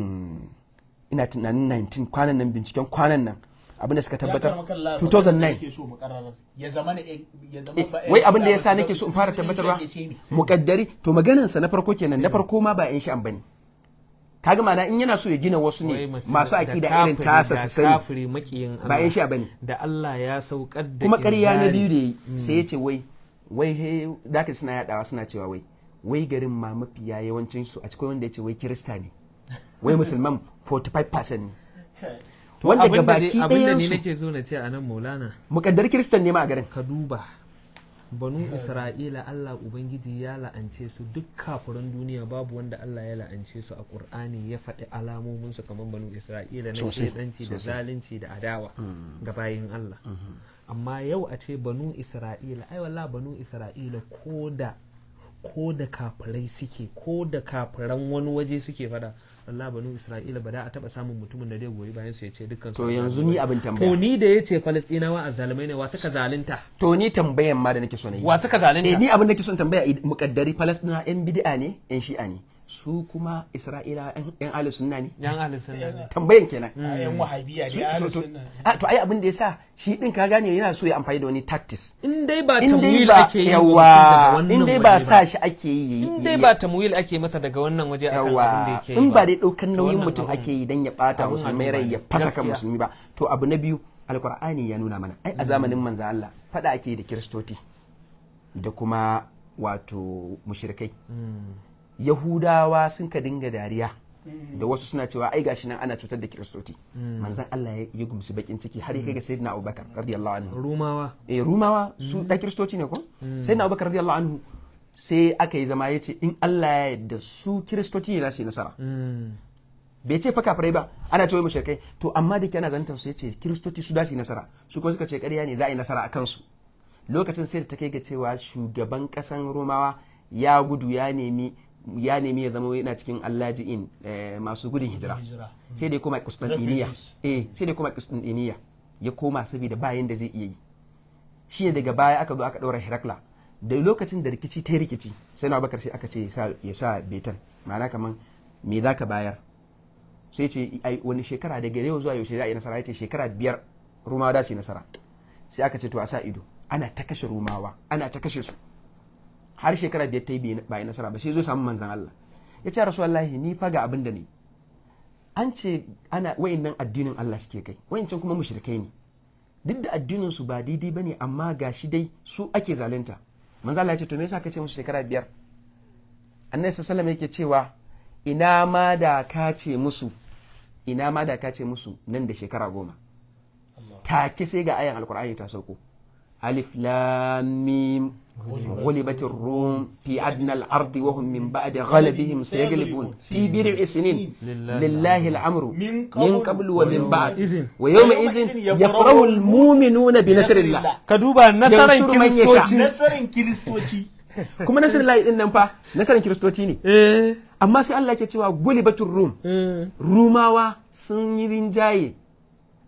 ina kwanan nan binciken kwanan nan abin da suka tabbatar 2009 eh, wai abin da ya sa nake so in fara tabbatarwa mukaddari to maganansa na farko kenan na farko ma ba yan sha'an bane kaga mana in yana so ya gina wasu ne masu akida irin tasa su sani ba yan sha bane da Allah ya saukar da kuma ƙarya na biyu da hmm. sai ya ce wai wai he da ka suna yadawa suna cewa wai wai garin ma mafiya yawancin su a cikin wanda ya ce wai kirista ne wai musulman 45% ne wanda ga baki ɗayan su nake zo na ce a nan maulana mukaddar kiristan ne ma a garin ka duba banu isra'ila allah ubangiji ya la'ance su duk kafirin duniya babu wanda allah ya la'ance su a qur'ani ya faɗi alamomin su kamar banu isra'ila na shedanci da zalunci da adawa hmm. ga bayin allah hmm. amma yau a ce banu isra'ila ai wallah banu isra'ila ko da ko da kafirai suke ko da kafiran wani waje suke fada wallah banu isra'ila ba da a taba samun mutumin da zai goyi bayan su ya ce dukkan to yanzu ni abin tambaya to ni da yace falastinawa azzalumai ne wa suka zalunta to ni tambayan ma da nake so na yi wa suka zalunta eh ni abin da nake so tambaya mukaddari falastinawa yan bid'a ne yan shi'a ne su kuma isra'ila yan ahli sunna ne yan ahli sunna ne eh, tambayan kenan ah, yan mm. wahabiya ne ahli sunna a ah, to ai abin da yasa shi din ka gane yana so ya amfani da wani tactics in dai ba tamwil ake yi yawa in dai ba sa shi ake yi in dai ba tamwil ake masa daga wannan waje akan abin da yake yi in ba dai daukan nauyin mutum ake yi dan ya bata musulmai rai ya fasa kan musulmi ba to abu na biyu alqur'ani ya nuna mana ai a mm. zamanin manzo Allah fada ake da kiristoti da kuma wato mushrikai mm. yahudawa sun ka dinga dariya mm. da wasu suna cewa ai gashi nan ana cutar da kiristoci. Mm. manzan Allah ya gumsu bakin ciki har ya kai ga sayyidina Abubakar radiyallahu anhu rumawa eh rumawa su da mm. kiristoci ne ko sayyidina Abubakar radiyallahu anhu sai aka yi zama yace in Allah ya yarda su kiristoci ne nasu nasara bai ce fa kafirai ba ana cewa mushrikai to amma da ana zantar su yace kiristoci su dasu nasara su kuma suka ce ƙarya ne za a yi nasara akan su lokacin sai da ta kai ga cewa shugaban kasan Rumawa ya gudu ya nemi ya nemi ya zama yana cikin allaji'in eh, masu gudun hijira hmm. sai dai koma kustantiniya eh sai dai koma kustantiniya ya koma saboda bayan da zai iya yi shi ne daga baya aka zo aka daura herakla da lokacin da rikici ta rikici sai na bakar sai aka ce ya sa betan ma'ana kaman me za ka bayar sai ce wani shekara daga yau zuwa yaushe za a yi nasara ya ce shekara biyar rumawa da su nasara sai aka ce to a sa ido ana ta kashe rumawa ana ta kashe su har shekara biyar ta yi ba yi nasara ba sai zo samu manzan Allah ya ce rasu Allah ni fa ga abin da ne an ce ana nan addinin Allah suke kai can kuma mushrikai ne duk da addinin su ba daidai bane amma gashi dai su ake zalunta manzan Allah ya ce to me yasa ka musu shekara biyar annabi sallallahu alaihi yake cewa ina ma da ka ce musu ina ma da ka ce musu nan da shekara goma take sai ga ayan alkur'ani ta sauko alif lam mim غلبت الروم في أدنى الأرض وهم من بعد غلبهم سيغلبون في بضع سنين لله الأمر من قبل ومن بعد ويومئذ يفرح المؤمنون بنصر الله كدوبا نصر كريستوتي نصر كريستوتي kuma nasarar layi din nan fa nasarar kiristoci ne amma sai Allah ke cewa gulibatul جاي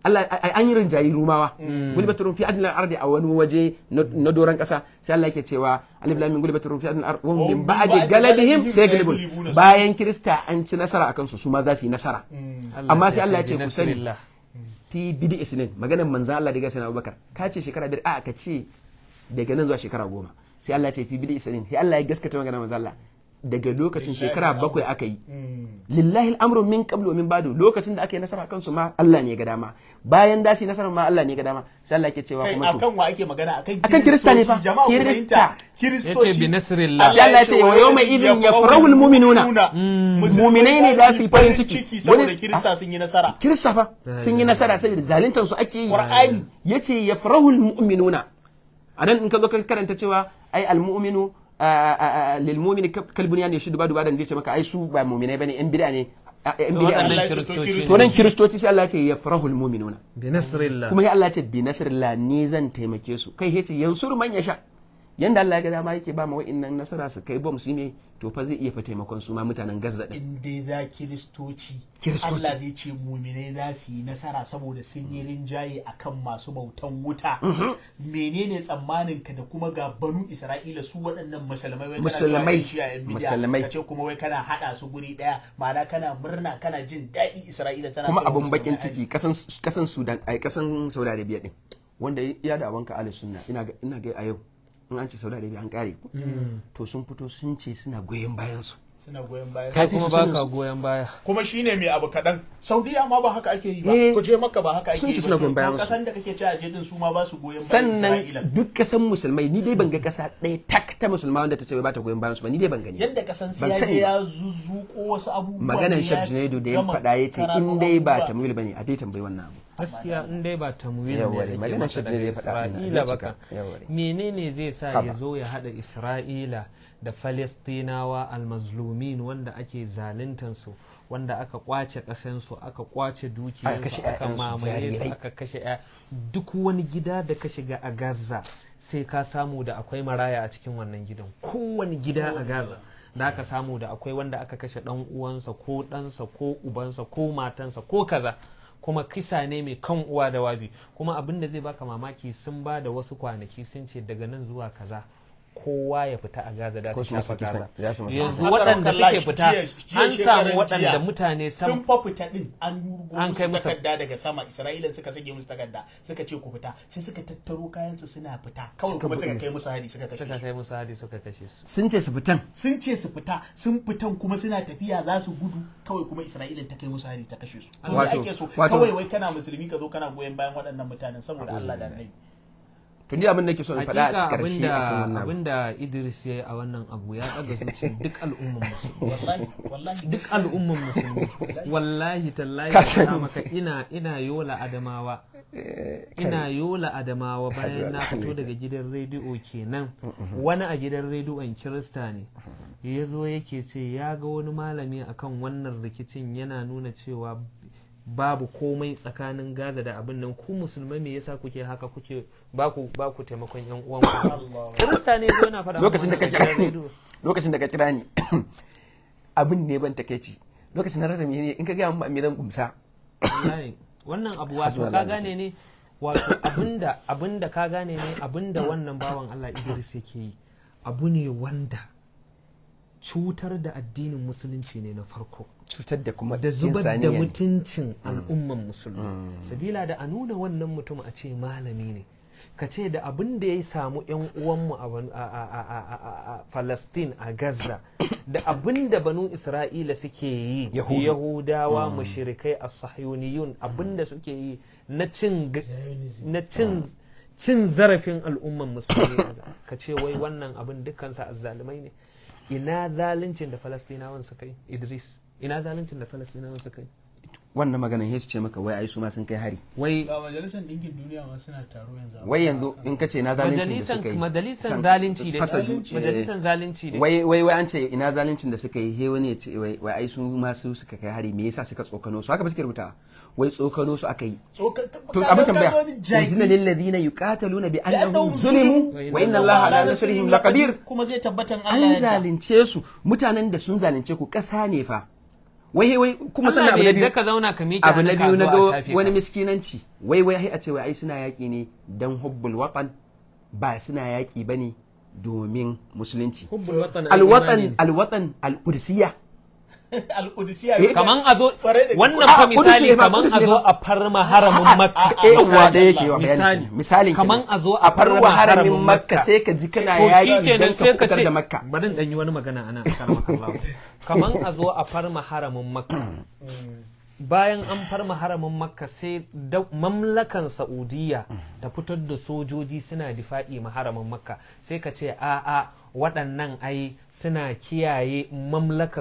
Allah an yi rinjayi rumawa mm. gulbat rumfi adnal ardi a wani waje na doron kasa sai Allah yake cewa alif lam min gulbat rumfi adnal ardi wa min oh, ba'di galabihim sayghlibun bayan kirista an ci nasara akan su su ma za su yi nasara mm. amma sai Allah ya ce ku sani fi bidi isnin maganar manzo Allah daga sanan Abubakar ka ce shekara biyar a ka ce daga nan zuwa shekara goma sai Allah ya ce fi bidi isnin sai Allah ya gaskata maganar manzo Allah daga lokacin shekara bakwai aka yi mm. lillahi al'amru min qablu min badu lokacin da aka yi nasara kansu ma Allah ne ga dama bayan da su nasara ma Allah ne ga dama sai Allah yake cewa kuma to akan wa ake magana akan kirista ne fa kirista kiristoci bi nasrillah sai Allah ya ce wa yawma idin yafrahu almu'minuna mm. mu'minai ne za su yi farin ciki saboda kirista sun yi nasara kirista fa sun yi nasara saboda zaluntar su ake yi qur'ani yace yafrahu almu'minuna anan in ka zo ka karanta cewa ai almu'minu lil mu'min kalbun ya shi duba duba da ne ce maka ai su ba bane yan bid'a ne yan bid'a to nan kiristoci sai Allah ya ce yafrahul mu'minuna bi nasrillah kuma sai Allah ya ce bi nasrillah ni zan taimake su kai yace yansur man yasha yanda Allah ya ga dama yake ba ma wa'annan nasara su kai bom su ne to fa zai iya fa taimakon su ma mutanen Gaza din inda dai za kiristoci Allah zai ce muminai za su yi nasara saboda sun yi rinjaye akan masu bautan wuta mhm. menene tsammanin ka da kuma ga banu Isra'ila su waɗannan musulmai musulmai musulmai kace kuma wai kana hada su guri daya ma'ana kana murna kana jin daɗi Isra'ila tana kuma abun bakin ciki kasan kasan Sudan ai kasan Saudi Arabia din wanda ya da wanka alisunna ina ga ina ga a yau in an ce saudi arabia an kare mm. to sun fito sun ce suna goyon bayan su suna goyon baya kai kuma baka goyon baya kuma shine mai abu kadan saudiya ma ba haka ake yi ba eh. ku je makka ba haka ake yi sun ci suna goyon baya kasan da kake ci a jedin su ma ba su goyon baya sannan duk kasan musulmai ni dai ban ga kasa ɗaya tak ta musulma wanda ta ce ba ta goyon bayan su ba ni dai ban gani yadda kasan siyasa ya zuzuko wasu abubuwa maganar shab junaidu da ya faɗa ya ce in dai ba ta muyi bane a dai tambayi wannan abu gaskiya in dai ba ta muyi. ne maganar shaf junaidu ya faɗa Isra'ila baka menene zai sa ya zo ya hada Isra'ila da falistinawa almazlumin wanda ake zaluntansu wanda aka kwace kasansu aka kwace dukiyarsu aka mamaye su aka kashe ya duk wani gida da ka shiga a gaza sai ka samu da akwai maraya a cikin wannan gidan kowane gida a gaza da aka samu da akwai wanda aka kashe dan uwansa ko ɗansa ko ubansa ko matansa ko kaza kuma kisa ne mai kan uwa da wabi kuma abin da zai baka mamaki sun ba da wasu kwanaki sun ce daga nan zuwa kaza kowa ya fita a gaza da su shafa gaza yanzu waɗanda suke fita an samu waɗanda mutane sun fa fita din an rubo musu takarda daga sama isra'ila suka sake musu takarda suka ce ku fita sai suka tattaro kayan su suna fita kawai kuma suka kai musu hari suka kashe suka kai musu hari suka kashe su sun ce su fitan sun ce su fita sun fitan kuma suna tafiya za su gudu kawai kuma isra'ila ta kai musu hari ta kashe su wato kawai wai kana musulmi ka zo kana goyon bayan waɗannan mutanen saboda Allah da annabi to ni abin da nake so in faɗa a ƙarshe akan wannan abin da Idris yayi a wannan abu ya daga zuci duk al'umman musulmi duk al'umman musulmi wallahi tallahi ka maka ina ina yola adamawa eh, ina yola adamawa bayan na fito daga gidan rediyo kenan mm-hmm. wani a gidan rediyon kirista ne ya zo yake ce ya ga wani malami akan wannan rikicin yana nuna cewa babu komai tsakanin gaza da abin nan ku musulmai me yasa kuke haka kuke baku baku taimakon yan uwan ku kirista ne zo na faɗa lokacin da ka kira ni lokacin da ka kira ni abin ne ban takeici lokacin na rasa ne in ka ga mu me zan kumsa wannan abu wato ka gane ne wato abinda abinda ka gane ne abinda wannan bawan Allah Idris yake yi abu ne wanda cutar da addinin musulunci ne na farko cutar da kuma da zubar da mutuncin mm. al'umman musulmi mm. sabila da a nuna wannan mutum a ce malami ne ka ce da abin da ya samu 'yan uwanmu a Falastin a Gaza (coughs) da abin da banu Isra'ila suke yi Yahudawa mashirikai mm. a sahiyoniyun abin da suke yi na cin zarafin al'umman musulmi ka ce wai wannan abin sa azzalumai ne ina zaluncin da falastinawan suka yi idris ina zaluncin da falastinawan suka yi wannan maganin ya ce maka wai ayi su ma sun kai hari wai ba majalisar dinkin duniya ma suna taro yanzu wai yanzu in kace na zalincin da suka yi majalisar zalunci da majalisar eh, eh. zalunci da wai wai wai an ce ina zaluncin da suka yi he wani ya ce wai ayi su ma su suka kai hari me yasa suka tsokano su haka ba suke rubuta wai tsokano su aka yi to abin tambaya uzina lil ladina na bi annahum zulimu wa inna allaha ala nasrihim lakadir kuma zai tabbatan Allah an zalunce su mutanen da sun zalunce ku kasa ne fa wai wai kuma sannan abu na biyu abu na biyu na wani miskinanci wai wai a ce wai ai suna yaƙi ne dan hubbul watan ba suna yaƙi bane domin musulunci alwatan alwatan alqudsiya kaman a zo a farma haramin makka yawa ka ji kana ka fitar da makka bari a farma haramin makka bayan an farma haramin makka sai mamlakan saudiya ta fitar da sojoji suna difa'i haramin makka sai ka ce a'a waɗannan ai suna kiyaye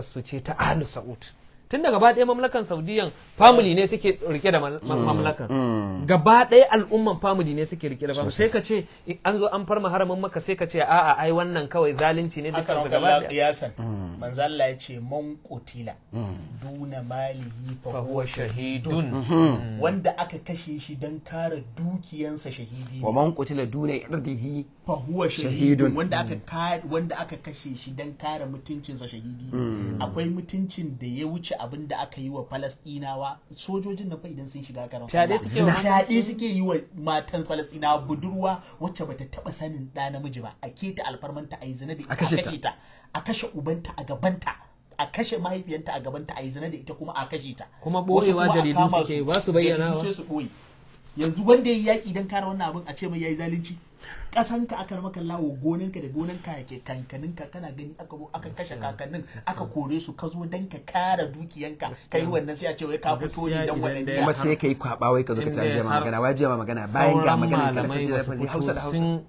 su ce ta ahlu sa'ud tun daga gaba ɗaya mamlakan saudiyan family ne suke rike da mamlakan mm. Mm. gaba ɗaya al'umman family ne suke rike da mamlakan sai ka ce an zo an farma haramun maka sai ka ce a'a ai wannan kawai zalunci ne dukkan su gaba ɗaya mm. manzo Allah ya ce man kotila. duna malihi fa shahidun mm-hmm. wanda aka kashe shi dan kare dukiyansa shahidi wa man kotila duna irdihi fa shahidun wanda aka wanda aka kashe shi dan kare mutuncinsa shahidi akwai mutuncin da ya wuce abin da aka yi wa Falasɗinawa sojojin na idan sun shiga karan fyaɗe suke yi wa matan falastinawa budurwa wacce bata taɓa sanin ɗa namiji ba a keta alfarmanta a yi zina da ita a kashe ubanta a gabanta a kashe mahaifiyanta a gabanta a yi zina da ita kuma a kashe ta kuma boyewa jaridu suke ba su bayyana sai yanzu wanda ya yi yaƙi don kare wannan abin a ce mai yayi zalunci kasanka aka maka lawo gonanka da gonanka yake kankaninka kana gani aka aka kashe kakannin aka kore su ka zo dan ka kara dukiyanka kai wannan sai a ce wai ka fito ne dan wannan ne kuma sai kai kwaba wai ka zo ka ci magana wai magana bayan ga magana ka da Hausa da Hausa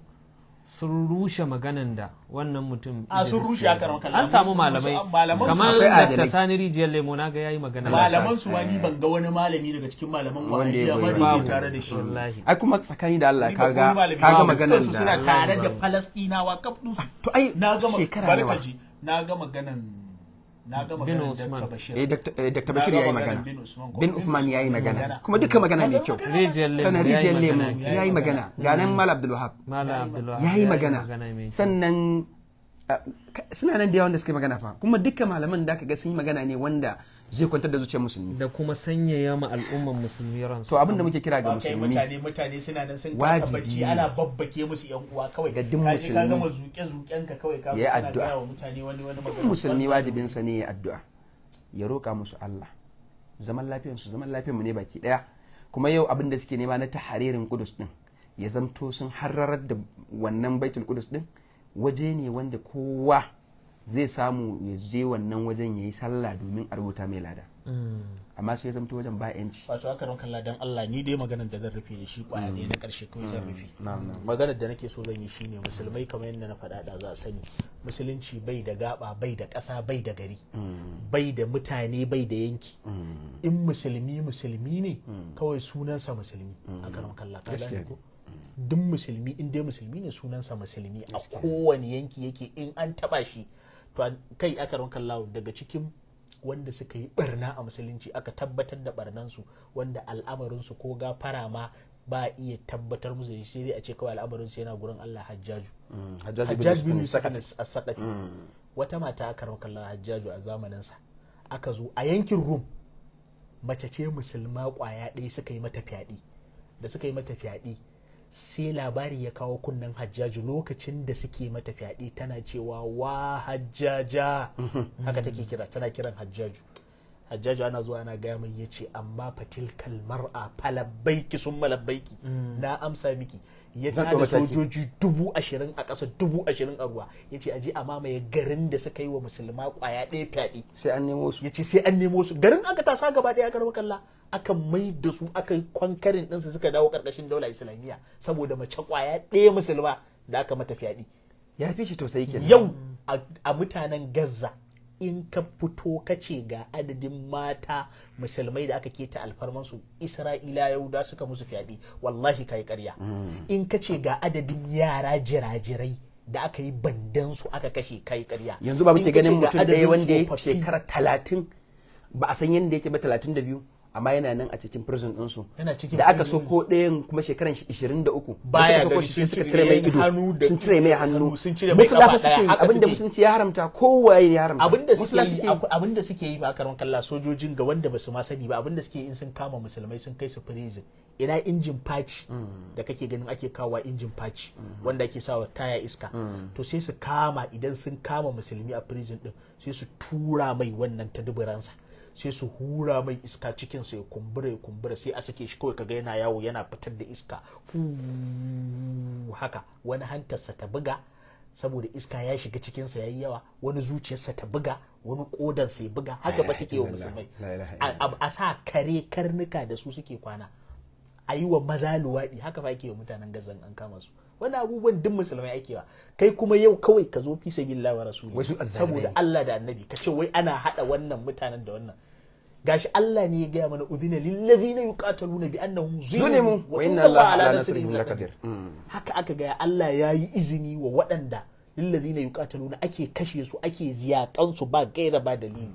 sun rushe maganan da wannan mutum a sun rushe a kalamai an samu malamai ah, kamar ta Sani Rijiyar Lemo na ga yayi magana malaman su wani ban ga wani malami daga cikin malaman wanda ya bari ne tare da shi ai kuma tsakani da Allah kaga kaga maganan da suna tare da Palestinawa kafdu to ai na ga shekara na ga maganan na ga maganar Dr. Bashir eh Dr. Eh, Bashir yayi magana bin Usman yayi magana kuma dukkan magana mai kyau sannan Rijal Lemu yayi magana ga nan Mal Abdul Wahab yayi magana sannan suna nan da yawan da suka magana fa kuma dukkan malaman da aka ga sun yi magana ne wanda zai kwantar da zuciyar musulmi da kuma sanyaya ma al'umman musulmi ransu to abin da muke kira ga musulmi mutane mutane suna nan sun kasa bacci ana babbake musu yan uwa kawai ga duk musulmi ka gama zuke zuken ka kawai ka ya addu'a mutane wani wani magana musulmi wajibin sa ne ya addu'a ya roka musu Allah zaman lafiyar su zaman lafiyar mu ne baki daya kuma yau abin da suke nema na taharirin kudus din ya zamto sun hararar da wannan baitul kudus din waje ne wanda kowa zai samu ya je wannan wajen ya yi sallah domin a rubuta mai lada mm. amma sai ya zamto wajen ba yanci wato aka ranka ladan Allah ni dai maganar da zan rufe da shi kwaya ne na karshe kawai zan mm. rufe mm. maganar da nake so zan yi shine musulmai kamar yadda na faɗa da za a sani musulunci bai da gaba bai da ƙasa bai da gari bai da mutane bai da yanki in musulmi musulmi ne kawai sunansa musulmi a karan kalla ka duk musulmi in dai musulmi ne sunansa musulmi a kowane yanki yake in an taba shi kai aka rankan lawo daga cikin wanda suka yi barna a musulunci aka tabbatar da barnansu wanda al'amarinsu ko gafara ma ba iya tabbatar musu da shi sai a ce kawai al'amarinsu yana gurin Allah hajjaju mm, hajjaju bin sakanis a sakafi. wata mata aka rankan lawo hajjaju a zamaninsa aka zo a yankin rum mace ce musulma kwaya ɗaya suka yi mata fyaɗe da suka yi mata fyaɗe sai labari ya kawo kunnen hajjaju lokacin da suke mata fyaɗe tana cewa wa hajjaja mhm. haka take kira tana kiran hajjaju hajjaju ana zuwa ana gaya mai ya ce amma fatil kalmar a falabbaiki sun mm. malabbaiki na amsa miki ya tada sojoji dubu ashirin a ƙasa dubu ashirin a ruwa ya ce aje a mamaye garin da suka yi wa musulma ƙwaya ɗaya fyaɗe sai an nemo su ya ce sai an nemo su garin aka tasa gaba ɗaya aka kalla aka mai da su aka yi kwankarin ɗinsu suka dawo ƙarƙashin daular islamiyya saboda mace ƙwaya ɗaya musulma da aka mata fyaɗe ya fi shi to sai kenan yau a mutanen gaza in ka fito ka ce ga adadin mata musulmai da aka keta alfarmansu isra'ila yahuda suka musu fyaɗe wallahi ka yi karya mm. in ka ce ga adadin yara jirajirai da aka yi bandansu aka kashe ka yi karya yanzu ba muke ganin mutum ɗaya wanda ya shekara talatin ba a san yadda yake ba talatin da biyu amma yana nan a cikin prison din su da aka so ko ɗayan kuma shekaran 23 baya so shi suka cire mai ido sun cire mai hannu sun cire mai kafa abinda musulunci ya haramta kowaye ya haramta abinda suke abinda suke yi ba karon kalla sojojin ga wanda basu ma sani ba abinda suke in sun kama musulmai sun kai su prison ina injin faci mm. da kake ganin ake kawo injin faci mm. wanda ake sawa taya iska mm. to sai su kama idan sun kama musulmi a prison din sai su tura mai wannan ta duburansa sai su hura mai iska cikin sa ya kumbura ya kumbura sai a sake shi kawai kaga yana yawo yana fitar da iska haka wani hantarsa ta buga saboda iska ya shiga cikinsa ya yi yawa wani zuciyarsa ta buga wani kodan ya buga haka ba suke wa musulmai a sa kare karnuka da su suke kwana a yi wa maza luwaɗi haka fa ake wa mutanen gazan an kama su wani abubuwan duk musulmai ake ba kai kuma yau kawai ka zo fi sabilillahi lawa rasuli saboda Allah da annabi ka ce wai ana hada wannan mutanen da wannan gashi Allah ne ya gaya mana udina lillazina yuqataluna bi annahum zulimu wa inna Allaha ala nasrihim laqadir mm. haka aka gaya Allah ya yi izini wa waɗanda lillazina yuqataluna ake kashe su ake ziyatan su ba gaira ba dalili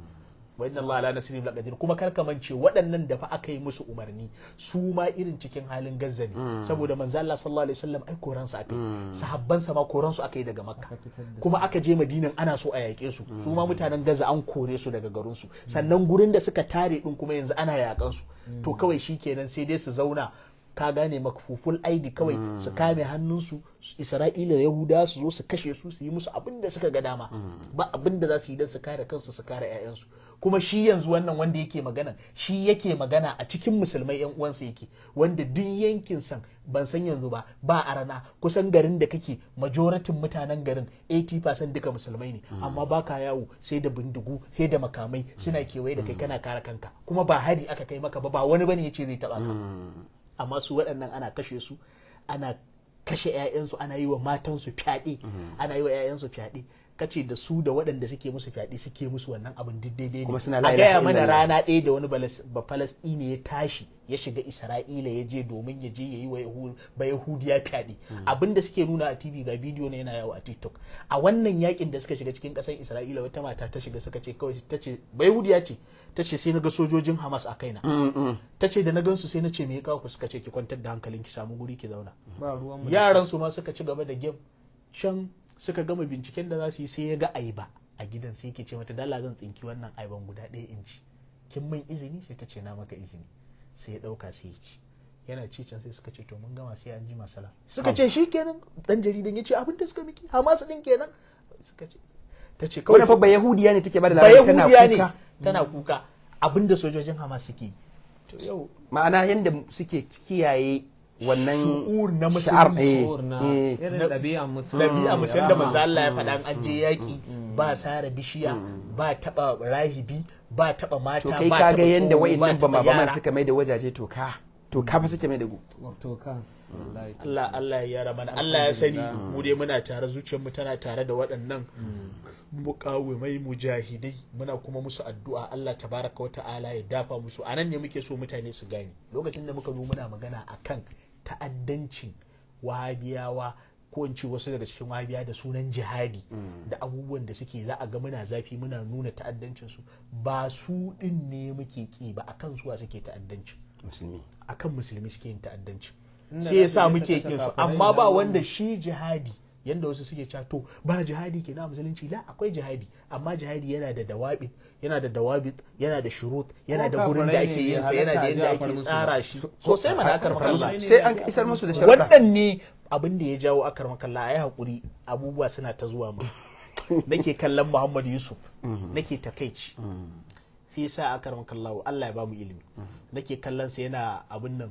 wa Allah ala nasrihim laqadir kuma kar ka mance waɗannan da fa aka yi musu umarni su ma irin cikin halin gazza hmm. saboda manzo Allah sallallahu alaihi wasallam ai koran su akai hmm. sahabban sa ma koran su akai daga makka kuma aka je madinan ana so a yaƙe su su ma hmm. mutanen gaza an kore su daga garin su sannan gurin da suka tare din kuma yanzu ana yaƙan su to kawai shikenan sai dai su zauna ka gane makfuful aidi kawai su kame hannunsu isra'ila yahuda su zo su kashe su su yi musu abin da suka ga dama ba abin za su yi don su kare kansu su kare 'ya'yansu kuma shi yanzu wannan wanda yake magana shi yake magana a cikin musulmai yan uwansa yake wanda duk yankin san ban san yanzu ba ba a rana kusan garin da kake majoratin mutanen garin 80% duka musulmai ne hmm. amma baka yawo sai da bindigu sai da makamai suna hmm. kewaye da kai hmm. kana kare kanka kuma ba hari aka kai maka ba ba wani bane yace zai taba ka amma su waɗannan ana kashe su ana kashe 'ya'yansu ana yi wa matansu fyaɗe ana yi wa 'ya'yansu fyaɗe kace da su da waɗanda suke musu fyaɗe suke musu wannan abin daidai ne a gaya mana rana ɗaya da wani ba falastini ya tashi ya shiga isra'ila ya je domin ya je ya yi wa ba yahudiya fyaɗe hmm. abin da suke nuna a tv ga bidiyo ne yana yawo a tiktok a wannan yakin da suka shiga cikin ƙasar isra'ila wata mata ta shiga suka ce kawai ta ce ba ya ce ta ce sai na ga sojojin hamas a kaina hmm, hmm. ta ce da na gansu sai na ce me ya kawo ku suka ce ki kwantar da hankalin ki samu guri ki zauna yaran su ma suka ci gaba da game can suka gama binciken da za su yi sai ya ga aiba a gidan sai yake ce mata dala zan tsinki wannan aiban guda ɗaya inci kin min izini sai ta ce na maka izini sai ya ɗauka sai ya ci yana ci can sai suka ce to mun gama sai an ji masala suka ce shi kenan dan jaridan ya ce abin da suka miki hamasu din kenan suka ce ta ce kawai fa bai yahudiya ne take bada labarin tana kuka tana kuka abin da sojojin hamas suke to yau ma'ana yanda suke kiyaye wannan shu'ur na musulmi eh, eh. irin ɗabi'a musulmi ɗabi'a musulmi da manzo Allah ya faɗa an mm. je yaƙi mm. ba sare bishiya mm. ba taɓa rahibi ba taɓa mata ba taɓa ba kaga yanda wa'annan ba ma suka mai da wajaje to ka to ka fa suke mai da gu to ka Allah Allah ya yara mana Allah ya sani mu dai muna tare zuciyar mu tana tare da waɗannan mukawimai mujahidai muna kuma musu addu'a Allah tabaraka wa ta'ala ya dafa musu anan ne muke so mutane su gane lokacin da muka zo muna magana akan ta'addancin wahabiyawa ko in ce wasu daga cikin wahabiya da sunan jihadi da abubuwan da suke za a ga muna zafi muna nuna ta'addancin su ba su din ne muke ki ba akan suwa suke ta'addanci musulmi akan musulmi suke yin ta'addanci sai yasa muke kin su amma ba wanda shi jihadi yanda wasu suke cewa to ba jihadi kenan a musulunci la akwai jihadi amma jihadi yana da dawabit yana da dawabit yana da shurut yana da gurin da ake yin sa yana da yanda ake tsara shi sosai mana akar makalla sai an isar musu da sharuɗa wannan ne abin da ya jawo akar makalla ayi hakuri abubuwa suna ta zuwa mu nake kallon Muhammad Yusuf mm-hmm. nake takeici mm-hmm. sai sa akar makalla Allah ya ba mu ilimi mm-hmm. nake kallon sa yana abin nan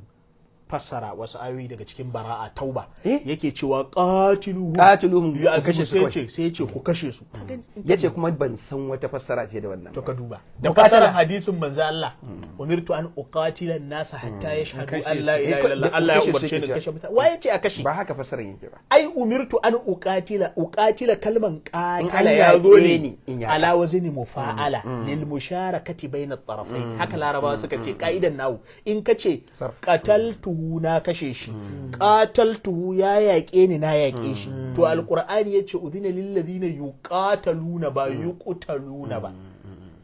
fassara wasu ayoyi daga cikin bara'a tauba eh? yake cewa katilu qatiluhum ya kashe su sai sai ce ku kashe su hmm. yace kuma ban san wata fassara fiye da wannan to ka duba da fassara hadisin manzo Allah hmm. umirtu an uqatila an-nas hatta hmm. yashhadu an la ilaha eh, illallah Allah ya umarce ni kashe mutane wai yace a kashe ba haka fassara yake ba ai umirtu an uqatila uqatila kalman qatila ya zo ne ala wazni mufa'ala lil musharakati bayna at-tarafayn haka larabawa suka ce ka'idan na'u in kace qataltu tuhu na kashe shi katal tuhu ya yaƙe ni na yaƙe hmm. shi to alqur'ani yace udhina lil ladina yuqataluna ba hmm. yuqtaluna ba hmm.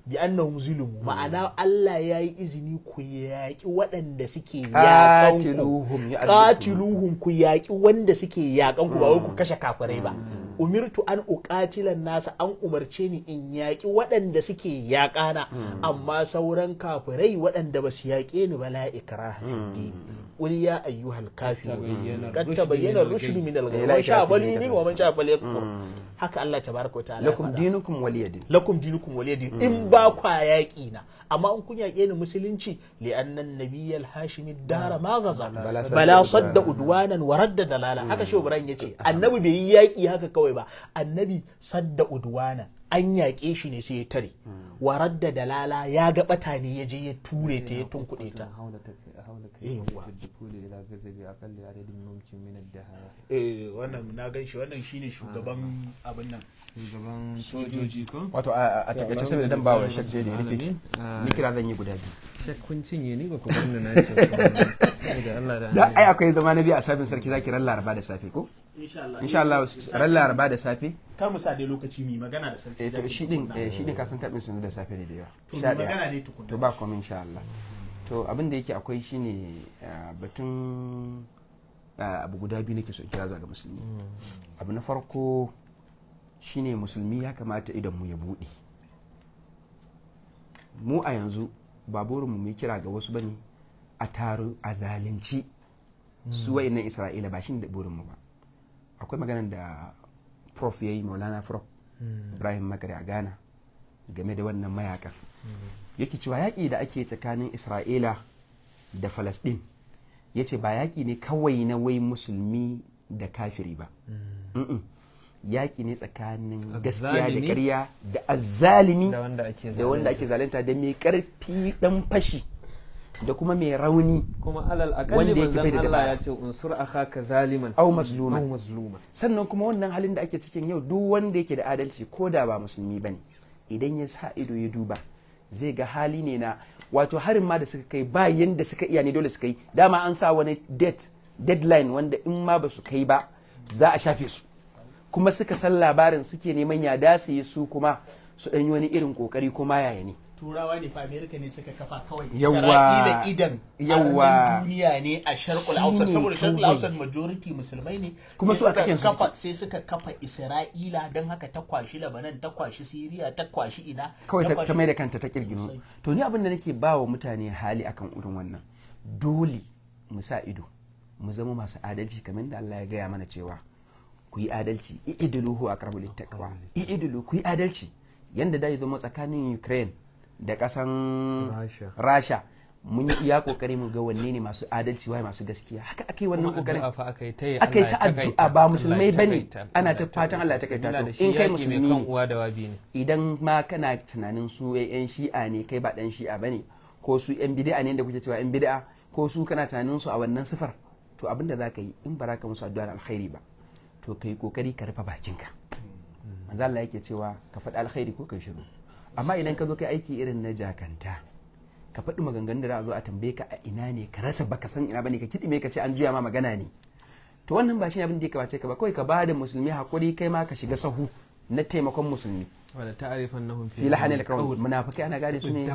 bi annahum zulumu ma'ana Allah ya yi izini ku yaƙi waɗanda suke yaƙan ku ku yaƙi wanda suke yaƙan ku ba wai ku kashe kafirai ba umirtu an uqatilan nasa an umarce ni in yaƙi waɗanda suke yaƙana hmm. amma sauran kafirai waɗanda ba su yaƙe ni ba la ikraha fid قل يا أيها الكافرون قد تبين الرشد من الغي ومن شاء فليؤمن ومن شاء فليكفر haka Allah tabaraka wa ta'ala lakum dinukum waliyadin lakum dinukum waliyadin in hmm. ba kwa yaƙi na. amma in kun yaƙe ni musulunci li annan nabiyyal hashimi dara ma gaza bala sadda udwanan wa radda dalala haka shi ibrahim yace annabi bai yi yaƙi haka kawai ba annabi sadda udwanan an yaƙe shi ne sai ya tare hmm. wa radda dalala ya ga batani ne ya je ya ture ta ya tunkuɗe ta haulaka yawwa bidukuli ila gazabi aqalli adadin mumkin min ad-dahaya eh wannan na gan shi wannan shine shugaban ah. abin nan shugaban sojoji ko wato a takaice saboda dan bawa shek jeli rufe ah. ni kira zan yi guda biyu shek kun cinye ni ko kuma banna na ce da ai akwai zama na biyu a sabin sarki zaki ran laraba da safe ko insha Allah insha allah ran laraba da safe kar mu sa lokaci mi magana da sarki eh, zaki shi din eh, shi din ka san tabin sun da safe ne da yawa to magana dai tukun to ba komai insha Allah to abin da yake akwai shine eh, batun eh, abu guda biyu nake so kira zuwa ga musulmi mm. abu na farko shine musulmi ya kamata idan mu ya buɗe mu a yanzu ba mu mu kira ga wasu bane a taru a zalunci su mm. wa'innan isra'ila ba shine da mu ba akwai maganar da prof ya yi maulana prof mm. ibrahim makare a ghana game da wannan mayakan yake cewa yaƙi da ake tsakanin isra'ila da falasɗin ya ce ba yaƙi ne kawai na wai musulmi da kafiri ba mm. yaƙi ne tsakanin gaskiya da ƙarya da azalimi da wanda ake zalunta da mai ƙarfi ɗan fashi da kuma mai rauni kuma alal bai da daba ya ce unsur akhaka zaliman aw mazluman aw mazluman sannan kuma wannan halin da ake cikin yau duk wanda yake da adalci ko da ba musulmi bane idan ya sa ido ya duba zai ga hali ne na wato harin ma da suka kai bayan da suka iya ne dole suka yi dama an sa wani date deadline wanda in ma ba su kai ba za a shafe su kuma suka san labarin suke neman ya dace su kuma su ɗanyi wani irin kokari kuma yaya ne turawa ne fa america ne suka kafa kawai yawa idan yawa duniya ne a sharqul hausa. saboda sharqul hausa majority musulmai ne kuma su a cikin su sai suka kafa isra'ila don haka ta kwashi labanan ta kwashi syria ta kwashi ina kawai ta mai da kanta ta kirgino to ni abin da nake ba wa mutane hali akan irin wannan dole mu sa ido mu zama masu adalci kamar da Allah ya gaya mana cewa ku yi adalci i'idulu a qarbu littaqwa i'idulu ku yi adalci yanda da ya zama tsakanin Ukraine da kasan rasha mun yi iya kokari mu ga wanne ne masu adalci wai masu gaskiya haka aka yi wannan kokarin aka yi ta addu'a ba musulmai bane ana ta fatan Allah ta kaita to in kai musulmi ne idan ma kana tunanin su yan shi'a ne kai ba dan shi'a bane ko su yan bid'a ne da kuke cewa yan bid'a ko su kana tunanin su a wannan sifar to abin da zaka yi in ba ka musu addu'a alkhairi ba to kai kokari ka rufe bakinka hmm. manzo Allah yake cewa ka faɗi alkhairi ko kai shiru amma idan ka zo kai aiki irin na jakanta ka faɗi maganganun da za a zo a tambaye ka a ina ne ka rasa baka san ina bane ka kiɗime ka ce an juya ma magana ne to wannan ba shi abin da ya kamace ka ba kawai ka ba da musulmi hakuri kai ma ka shiga sahu na taimakon musulmi wala ta'rifan nahum fi lahanil qawl munafikai ana gane su ne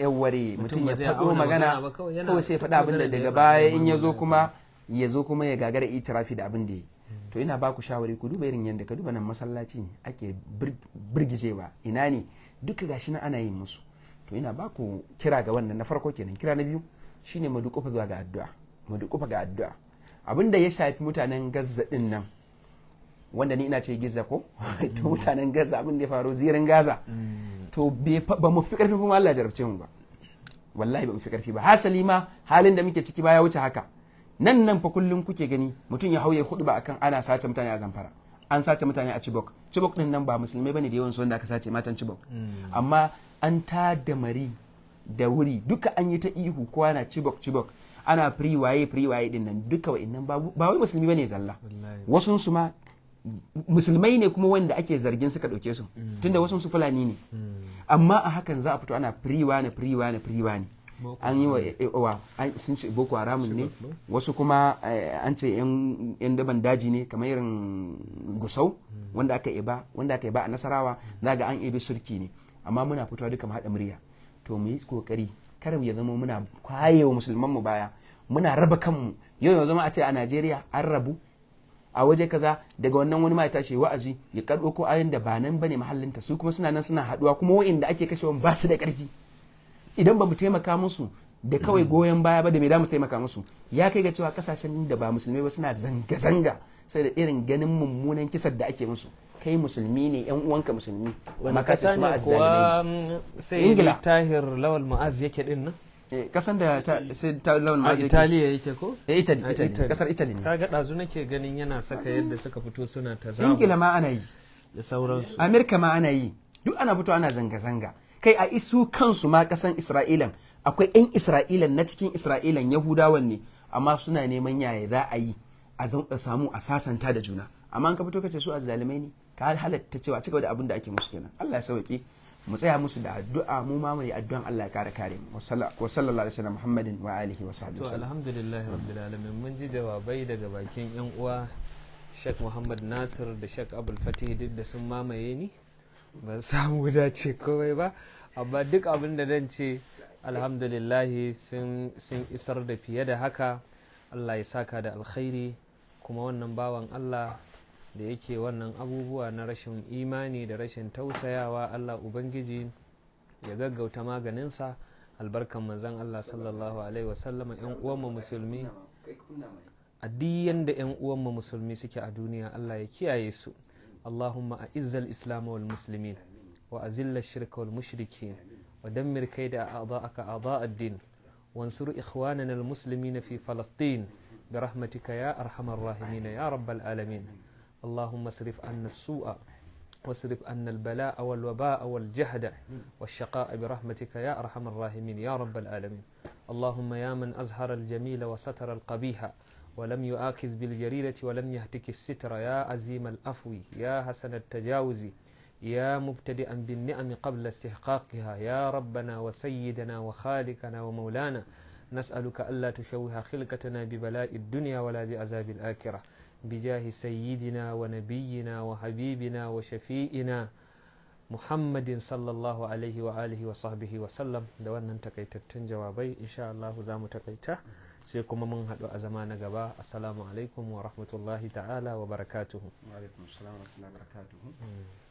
yawware mutum ya faɗo magana kawai sai faɗa abin da daga baya in ya zo kuma ya zo kuma ya gagara itirafi da abin da yi hmm. to ina ba ku shawari ku duba irin yadda ka duba nan masallaci ne ake birgizewa ina ne duka gashi na ana yin musu to ina ba ku kira ga wannan na farko kenan kira na biyu shine mu dukufa zuwa ga addu'a mu dukufa ga addu'a abin da ya shafi mutanen Gaza din nan wanda ni ina ce Giza ko (laughs) to mutanen Gaza abin da ya faru zirin Gaza mm. to ba mu fi karfi kuma Allah jarabce mu ba wallahi ba mu fi karfi ba hasali ma halin da muke ciki ba ya wuce haka nan nan fa kullum kuke gani mutum ya hauye hudu ba akan ana sace mutane a zamfara an sace mutane a Chibok Chibok din nan ba musulmai bane da yawan su wanda aka sace matan Chibok mm. amma an ta da mari da wuri duka an yi ta ihu kowa na Chibok Chibok ana free waye free waye din nan duka wa'annan ba wai musulmi bane zalla wasun su ma musulmai ne kuma wanda ake zargin suka ɗauke su mm. tunda wasu su fulani ne mm. amma a hakan za a fito ana firiwa na firiwa na firiwa ne an yi wa sun ce boko haramun ne wasu kuma eh, an ce yan daban daji ne kamar irin gusau hmm. wanda aka ba wanda aka ba a nasarawa ga an ibi surki ne amma muna fitowa duka mu haɗa murya to mu yi kokari kar ya zama muna kwayewa musulman mu baya muna raba kanmu yau ya zama a ce a Najeriya an rabu a waje kaza daga wannan wani ma ya tashi wa'azi ya karɓo ko ayin da ba nan bane mahallinta su kuma suna nan suna haɗuwa kuma da ake kashewa ba su da ƙarfi idan ba mu taimaka musu da kawai mm. goyon baya ba da me da mu taimaka musu ya kai ga cewa kasashen da ba musulmi ba suna zanga-zanga sai da irin ganin mummunan kisar da ake musu kai musulmi ne yan uwanka musulmi wani kasa ne kuwa mm, sai tahir lawal ma'az yake din nan kasan eh, da sai ta lawan a Italiya yake ko eh Italy Italy kasar Italy ne kaga dazu nake ganin yana saka yadda suka fito suna ta zama. Ingila ma ana yi da sauransu Amerika ma ana yi duk ana fito ana zanga zanga kai a isu kansu ma kasan isra'ilan akwai 'yan isra'ilan na cikin isra'ilan yahudawan ne amma suna neman yaya za a yi a samu a sasanta da juna amma an ka fito kace su a zalimai ne ka halatta cewa cigaba da abin da ake musu kenan Allah ya sauke mu tsaya musu da addu'a mu ma mai addu'an Allah ya kare kare mu wa sallallahu alaihi wasallam Muhammadin wa alihi wa sahbihi to alhamdulillahi rabbil alamin mun ji jawabai daga bakin yan uwa Sheikh Muhammad Nasir da Sheikh Abdul Fatih duk da sun mamaye ni ban samu dace kowai ba amma duk abin da zan ce alhamdulillahi sun isar da fiye da haka allah ya saka da alkhairi kuma wannan bawan allah da yake wannan abubuwa na rashin imani da rashin tausayawa allah ubangiji ya gaggauta maganinsa albarkan manzan allah sallallahu alaihi wasallam yan uwanmu musulmi a da yan uwanmu musulmi suke a duniya allah ya kiyaye su allahumma a izzal islamu wal muslimin وأذل الشرك والمشركين ودمر كيد أعضاءك أعضاء الدين وانصر إخواننا المسلمين في فلسطين برحمتك يا أرحم الراحمين يا رب العالمين اللهم اصرف عنا السوء واصرف عنا البلاء والوباء والجهد والشقاء برحمتك يا أرحم الراحمين يا رب العالمين اللهم يا من أزهر الجميل وستر القبيح ولم يؤاخذ بالجريرة ولم يهتك الستر يا عزيم الأفوي يا حسن التجاوزي يا مبتدئا بالنعم قبل استحقاقها يا ربنا وسيدنا وخالقنا ومولانا نسألك ألا تشوه خلقتنا ببلاء الدنيا ولا بعذاب الآخرة بجاه سيدنا ونبينا وحبيبنا وشفيئنا محمد صلى الله عليه وآله وصحبه وسلم دوان ننتقيت جوابي إن شاء الله زام تقيت سيكم من هدو أزمان قبا السلام عليكم ورحمة الله تعالى وبركاته وعليكم السلام ورحمة الله وبركاته